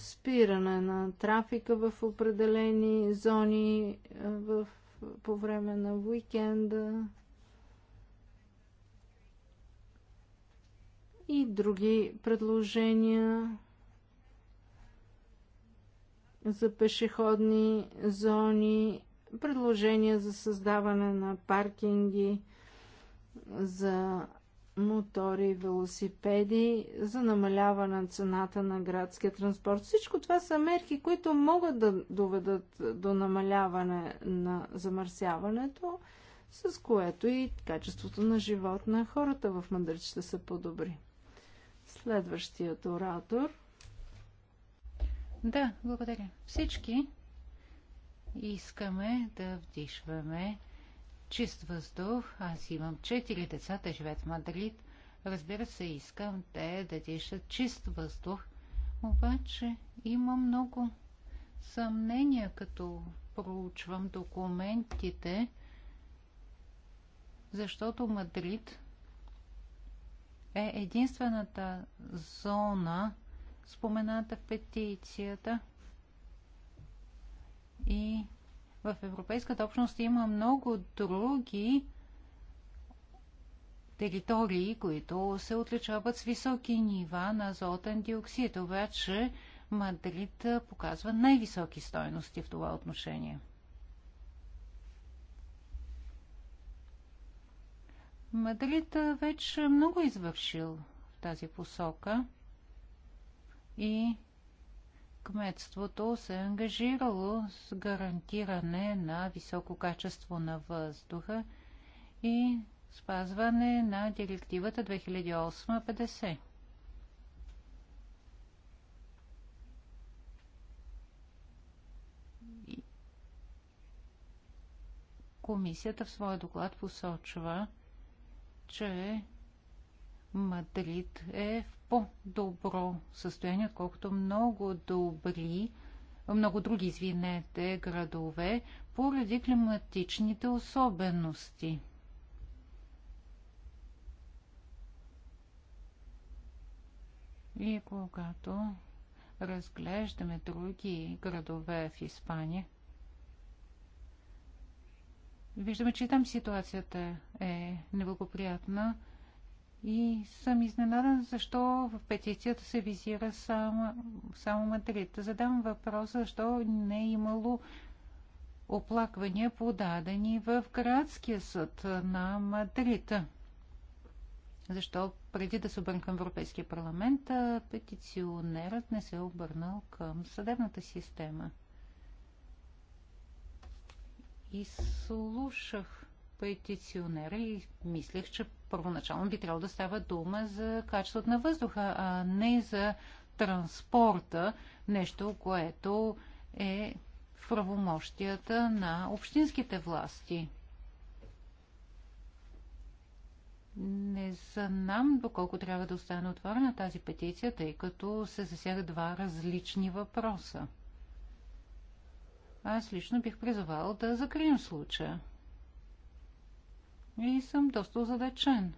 спиране на трафика в определени зони в, по време на уикенда и други предложения за пешеходни зони, предложения за създаване на паркинги, за мотори, велосипеди, за намаляване на цената на градския транспорт. Всичко това са мерки, които могат да доведат до намаляване на замърсяването, с което и качеството на живот на хората в Мандърч са по-добри. Следващият оратор. Да, благодаря. Всички искаме да вдишваме чист въздух. Аз имам четири деца, те живеят в Мадрид. Разбира се, искам те да дишат чист въздух. Обаче има много съмнения, като проучвам документите, защото Мадрид е единствената зона, спомената в петицията, и в Европейската общност има много други територии, които се отличават с високи нива на азотен диоксид, обаче Мадрид показва най-високи стойности в това отношение. Мадрид вече много е извършил в тази посока и кметството се е ангажирало с гарантиране на високо качество на въздуха и спазване на директивата 2008-50. Комисията в своя доклад посочва, че Мадрид е в по-добро състояние, отколкото много добри, много други, извинете, градове, поради климатичните особености. И когато разглеждаме други градове в Испания, виждаме, че там ситуацията е неблагоприятна и съм изненадан защо в петицията се визира само, само Мадрид. Задам въпрос защо не е имало оплаквания подадени в градския съд на Мадрид. Защо преди да се обърне към Европейския парламент, петиционерът не се е обърнал към съдебната система? И слушах петиционера и мислех, че първоначално би трябвало да става дума за качеството на въздуха, а не за транспорта, нещо, което е в правомощията на общинските власти. Не знам доколко трябва да остане отворена тази петиция, тъй като се засягат два различни въпроса. Аз лично бих призовал да закрием случая. И съм доста озадачен.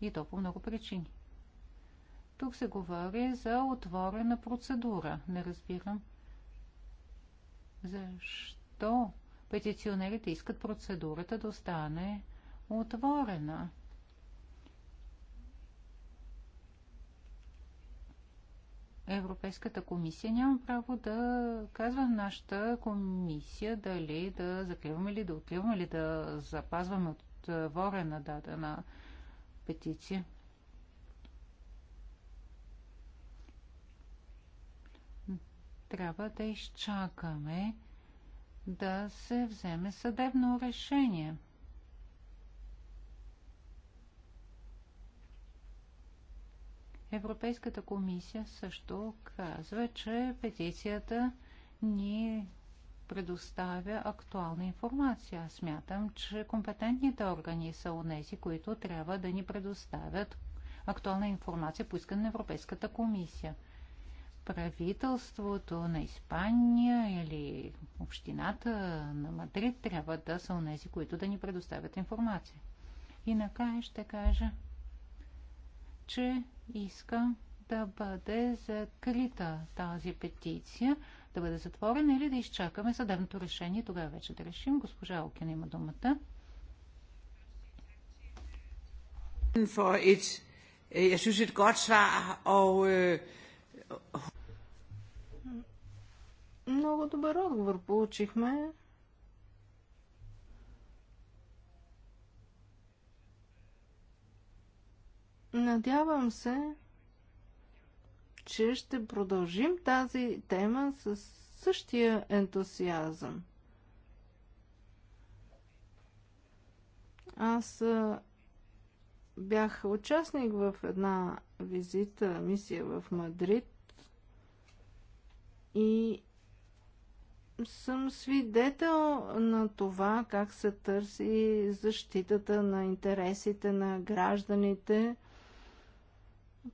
И то по много причини. Тук се говори за отворена процедура. Не разбирам. Защо петиционерите искат процедурата да остане отворена? Европейската комисия няма право да казва нашата комисия дали да закриваме или да откриваме, или да запазваме от ворена дадена петиция. Трябва да изчакаме да се вземе съдебно решение – Европейската комисия също казва, че петицията ни предоставя актуална информация. Аз смятам, че компетентните органи са онези, които трябва да ни предоставят актуална информация по искане на Европейската комисия. Правителството на Испания или общината на Мадрид трябва да са онези, които да ни предоставят информация. И накрая ще кажа, че иска да бъде закрита тази петиция, да бъде затворена или да изчакаме съдебното решение. Тогава вече да решим. Госпожа Окина има думата. Øh, øh, много добър отговор получихме. Надявам се, че ще продължим тази тема с същия ентусиазъм. Аз бях участник в една визита, мисия в Мадрид и съм свидетел на това как се търси защитата на интересите на гражданите –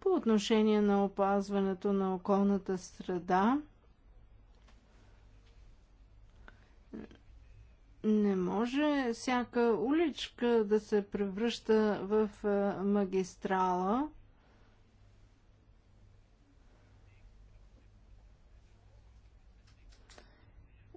по отношение на опазването на околната среда, не може всяка уличка да се превръща в магистрала.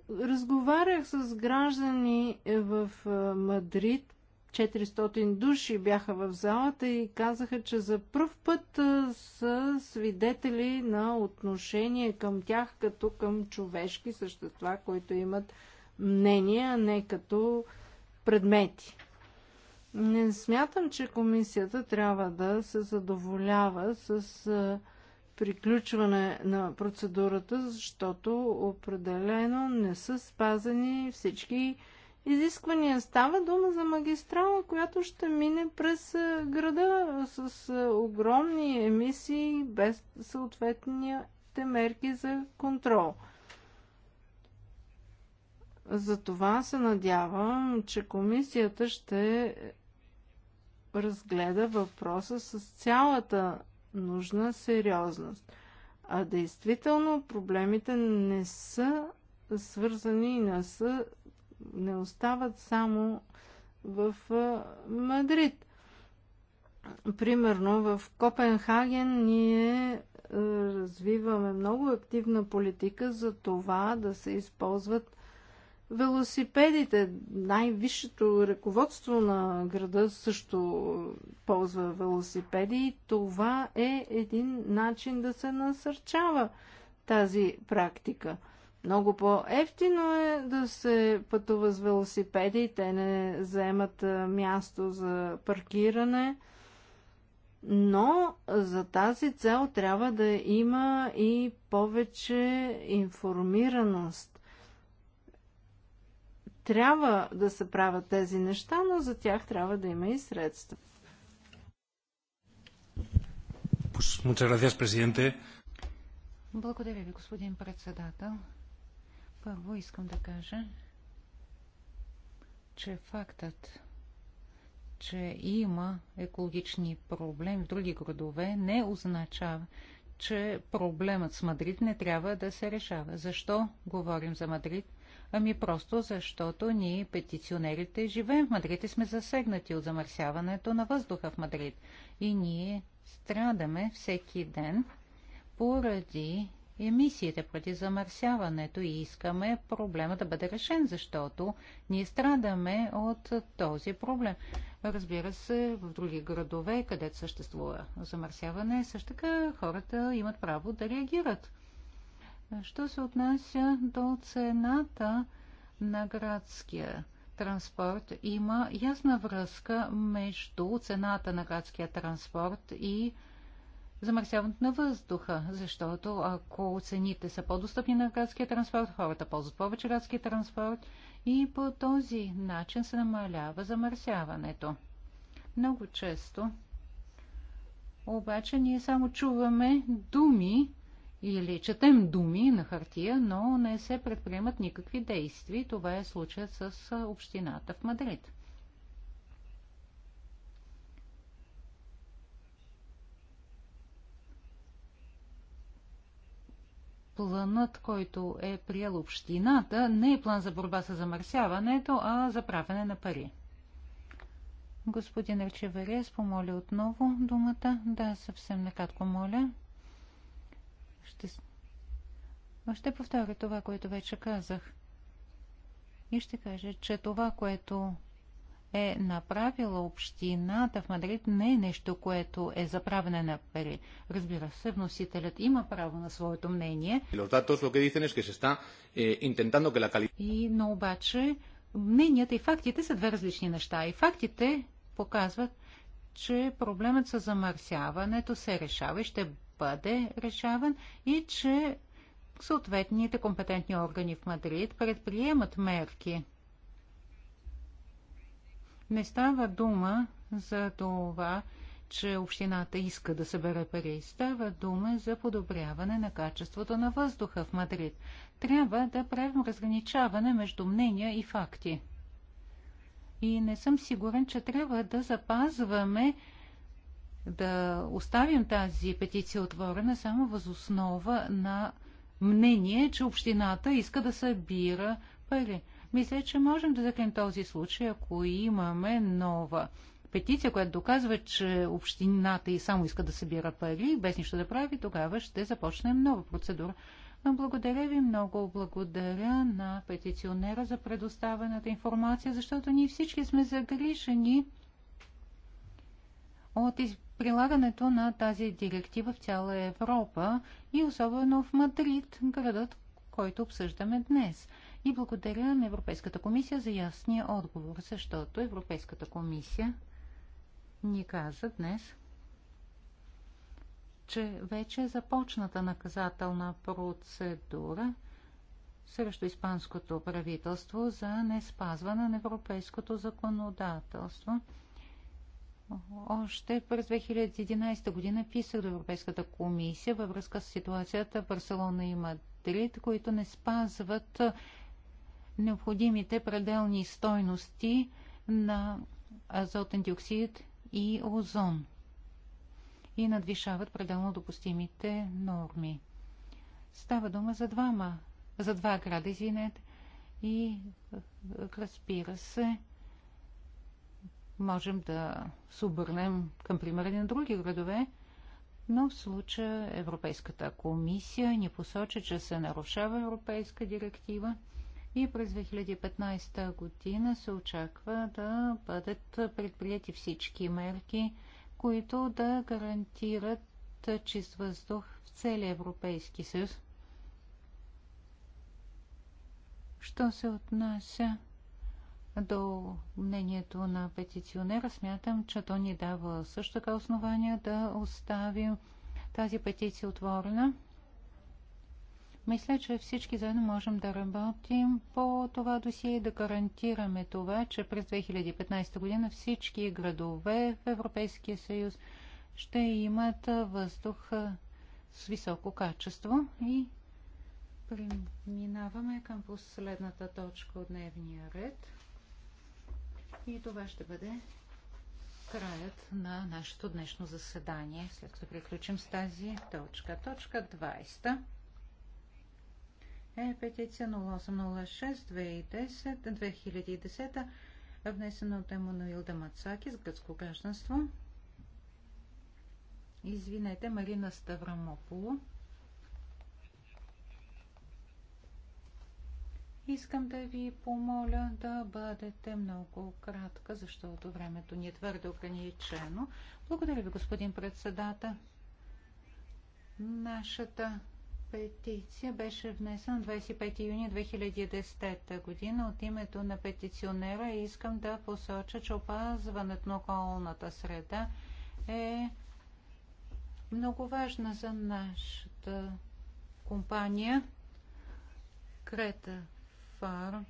Разговарях с граждани в Мадрид 400 души бяха в залата и казаха, че за първ път са свидетели на отношение към тях като към човешки същества, които имат мнение, а не като предмети. Не смятам, че комисията трябва да се задоволява с приключване на процедурата, защото определено не са спазени всички изисквания. Става дума за магистрала, която ще мине през града с огромни емисии без съответните мерки за контрол. Затова се надявам, че комисията ще разгледа въпроса с цялата нужна сериозност. А действително проблемите не са свързани и не са не остават само в Мадрид. Примерно в Копенхаген ние развиваме много активна политика за това да се използват велосипедите. Най-висшето ръководство на града също ползва велосипеди и това е един начин да се насърчава тази практика – много по-ефтино е да се пътува с велосипеди, те не заемат място за паркиране, но за тази цел трябва да има и повече информираност. Трябва да се правят тези неща, но за тях трябва да има и средства. Благодаря ви, господин председател. Първо искам да кажа, че фактът, че има екологични проблеми в други градове, не означава, че проблемът с Мадрид не трябва да се решава. Защо говорим за Мадрид? Ами просто защото ние, петиционерите, живеем в Мадрид и сме засегнати от замърсяването на въздуха в Мадрид. И ние страдаме всеки ден поради емисиите, преди замърсяването и искаме проблема да бъде решен, защото ние страдаме от този проблем. Разбира се, в други градове, където съществува замърсяване, също така хората имат право да реагират. Що се отнася до цената на градския транспорт, има ясна връзка между цената на градския транспорт и замърсяването на въздуха, защото ако цените са по-достъпни на градския транспорт, хората ползват повече градски транспорт и по този начин се намалява замърсяването. Много често обаче ние само чуваме думи или четем думи на хартия, но не се предприемат никакви действия. Това е случаят с общината в Мадрид. планът, който е приел общината, не е план за борба с замърсяването, а за правене на пари. Господин Речеверес помоля отново думата. Да, съвсем накратко моля. Ще, ще повторя това, което вече казах. И ще кажа, че това, което е направила общината в Мадрид, не е нещо, което е за правене на пари. Разбира се, вносителят има право на своето мнение. Eh, и, но обаче, мненията и фактите са две различни неща. И фактите показват, че проблемът с замърсяването се решава и ще бъде решаван и че съответните компетентни органи в Мадрид предприемат мерки. Не става дума за това, че общината иска да събере пари. Става дума за подобряване на качеството на въздуха в Мадрид. Трябва да правим разграничаване между мнения и факти. И не съм сигурен, че трябва да запазваме, да оставим тази петиция отворена само възоснова на мнение, че общината иска да събира пари. Мисля, че можем да закрием този случай, ако имаме нова петиция, която доказва, че общината и само иска да събира пари, без нищо да прави, тогава ще започнем нова процедура. Благодаря ви много, благодаря на петиционера за предоставената информация, защото ние всички сме загрижени от прилагането на тази директива в цяла Европа и особено в Мадрид, градът, който обсъждаме днес – и благодаря на Европейската комисия за ясния отговор, защото Европейската комисия ни каза днес, че вече е започната наказателна процедура срещу испанското правителство за не спазване на европейското законодателство. Още през 2011 година писах до Европейската комисия във връзка с ситуацията в Барселона и Мадрид, които не спазват необходимите пределни стойности на азотен диоксид и озон и надвишават пределно допустимите норми. Става дума за двама, за два града, извинете, и разбира се, можем да се обърнем към примера на други градове, но в случая Европейската комисия ни посочи, че се нарушава Европейска директива – и през 2015 година се очаква да бъдат предприяти всички мерки, които да гарантират чист въздух в целия Европейски съюз. Що се отнася до мнението на петиционера, смятам, че то ни дава също така основания да оставим тази петиция отворена мисля, че всички заедно можем да работим по това досие и да гарантираме това, че през 2015 година всички градове в Европейския съюз ще имат въздух с високо качество и преминаваме към последната точка от дневния ред. И това ще бъде краят на нашето днешно заседание, след като приключим с тази точка. Точка 20 е петиция 0806-2010, внесена от Емануил Дамацаки с гръцко гражданство. Извинете, Марина Ставрамополо. Искам да ви помоля да бъдете много кратка, защото времето ни е твърде ограничено. Благодаря ви, господин председател. Нашата петиция беше внесена 25 юни 2010 година от името на петиционера и искам да посоча, че опазването на околната среда е много важна за нашата компания Крета Фарм.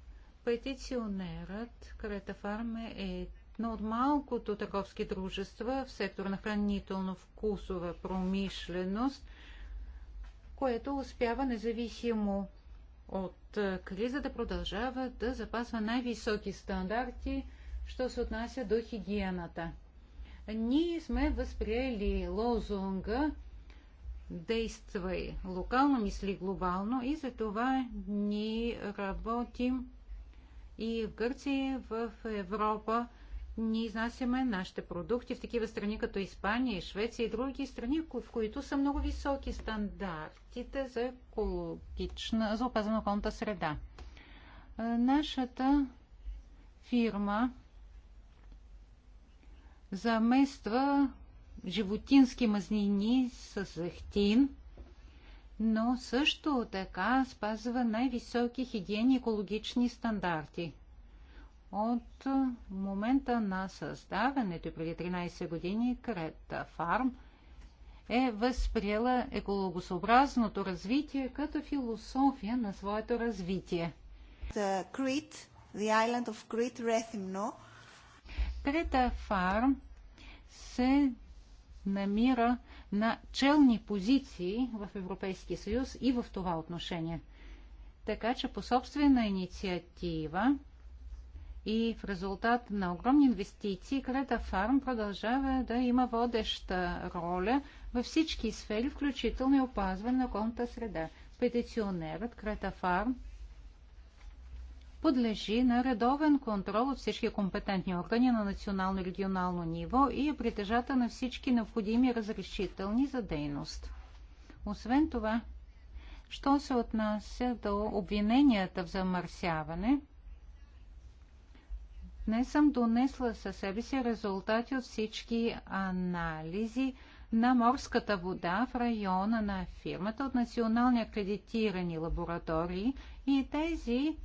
Петиционерът Крета Фарм е едно от малкото търговски дружества в сектор на хранително-вкусова промишленост, което успява независимо от е, криза да продължава да запазва най-високи стандарти, що се отнася до хигиената. Ние сме възприели лозунга действай локално, мисли глобално и за това ние работим и в Гърция, в Европа ние изнасяме нашите продукти в такива страни като Испания, Швеция и други страни, в които са много високи стандартите за, екологична, за опазване околната среда. Е, нашата фирма замества животински мазнини с зехтин, но също така спазва най-високи хигиени екологични стандарти – от момента на създаването преди 13 години Крета Фарм е възприела екологосъобразното развитие като философия на своето развитие. The Crete, the island of Crete, Rethymno. Крета Фарм се намира на челни позиции в Европейския съюз и в това отношение. Така че по собствена инициатива и в резултат на огромни инвестиции, Крета Фарм продължава да има водеща роля във всички сфери, включително и опазване на околната среда. Петиционерът Крета Фарм подлежи на редовен контрол от всички компетентни органи на национално и регионално ниво и е притежата на всички необходими разрешителни за дейност. Освен това, що се отнася до обвиненията в замърсяване – Днес съм донесла със себе си резултати от всички анализи на морската вода в района на фирмата от национални акредитирани лаборатории и тези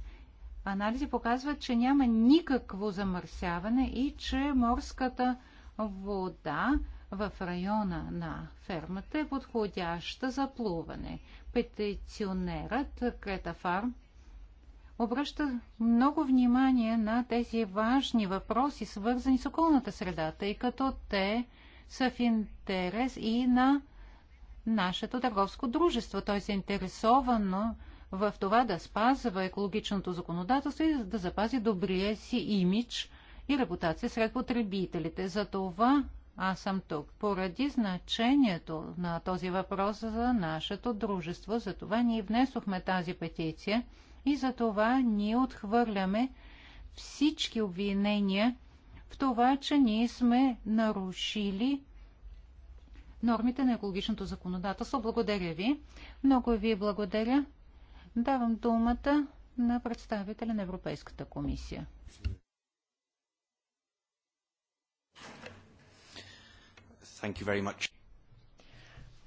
анализи показват, че няма никакво замърсяване и че морската вода в района на фермата е подходяща за плуване. Петиционерът Крета Фарм обръща много внимание на тези важни въпроси, свързани с околната среда, тъй като те са в интерес и на нашето търговско дружество. Той се е интересовано в това да спазва екологичното законодателство и да запази добрия си имидж и репутация сред потребителите. За това аз съм тук. Поради значението на този въпрос за нашето дружество, за това ние внесохме тази петиция – и за това ние отхвърляме всички обвинения в това, че ние сме нарушили нормите на екологичното законодателство. Благодаря ви. Много ви благодаря. Давам думата на представителя на Европейската комисия.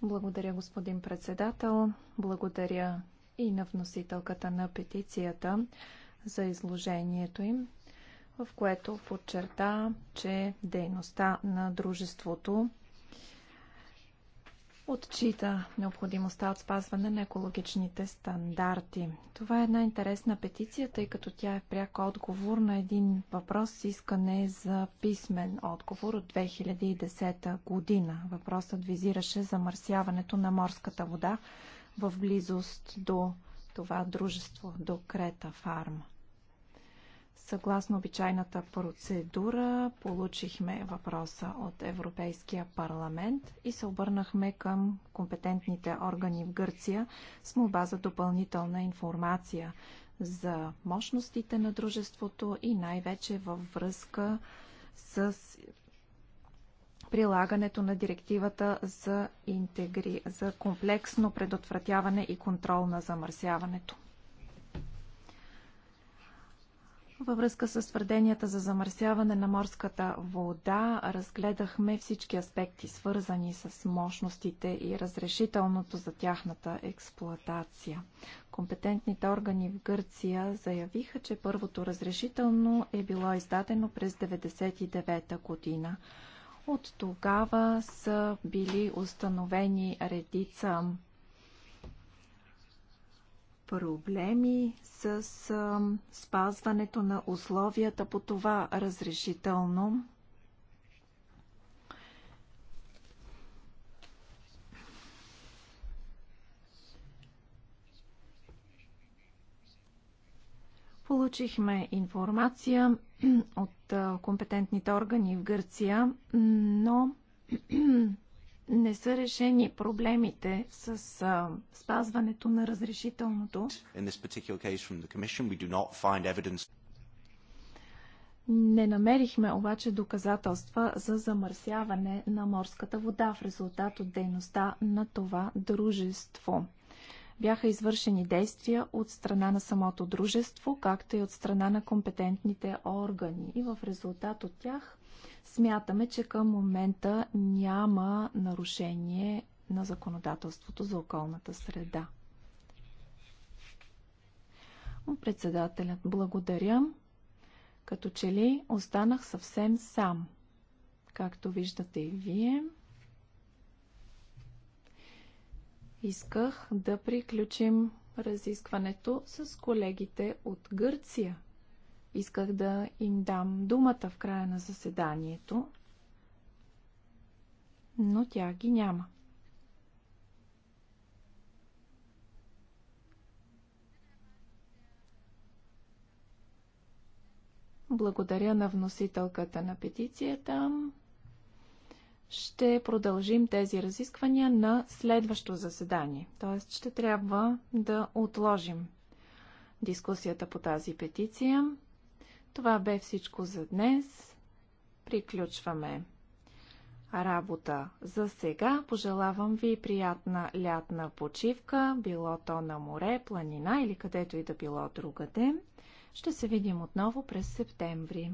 Благодаря, господин председател. Благодаря и на вносителката на петицията за изложението им, в което подчерта, че дейността на дружеството отчита необходимостта от спазване на екологичните стандарти. Това е една интересна петиция, тъй като тя е пряк отговор на един въпрос с искане за писмен отговор от 2010 година. Въпросът визираше замърсяването на морската вода в близост до това дружество, до Крета Фарм. Съгласно обичайната процедура, получихме въпроса от Европейския парламент и се обърнахме към компетентните органи в Гърция с молба за допълнителна информация за мощностите на дружеството и най-вече във връзка с прилагането на директивата за, интегри... за комплексно предотвратяване и контрол на замърсяването. Във връзка с твърденията за замърсяване на морската вода, разгледахме всички аспекти, свързани с мощностите и разрешителното за тяхната експлоатация. Компетентните органи в Гърция заявиха, че първото разрешително е било издадено през 1999 година. От тогава са били установени редица проблеми с спазването на условията по това разрешително. Получихме информация от компетентните органи в Гърция, но не са решени проблемите с а, спазването на разрешителното. Не намерихме обаче доказателства за замърсяване на морската вода в резултат от дейността на това дружество бяха извършени действия от страна на самото дружество, както и от страна на компетентните органи. И в резултат от тях смятаме, че към момента няма нарушение на законодателството за околната среда. Председателят, благодаря. Като че ли останах съвсем сам. Както виждате и вие. Исках да приключим разискването с колегите от Гърция. Исках да им дам думата в края на заседанието, но тя ги няма. Благодаря на вносителката на петицията ще продължим тези разисквания на следващо заседание. Т.е. ще трябва да отложим дискусията по тази петиция. Това бе всичко за днес. Приключваме работа за сега. Пожелавам ви приятна лятна почивка, било то на море, планина или където и да било другаде. Ще се видим отново през септември.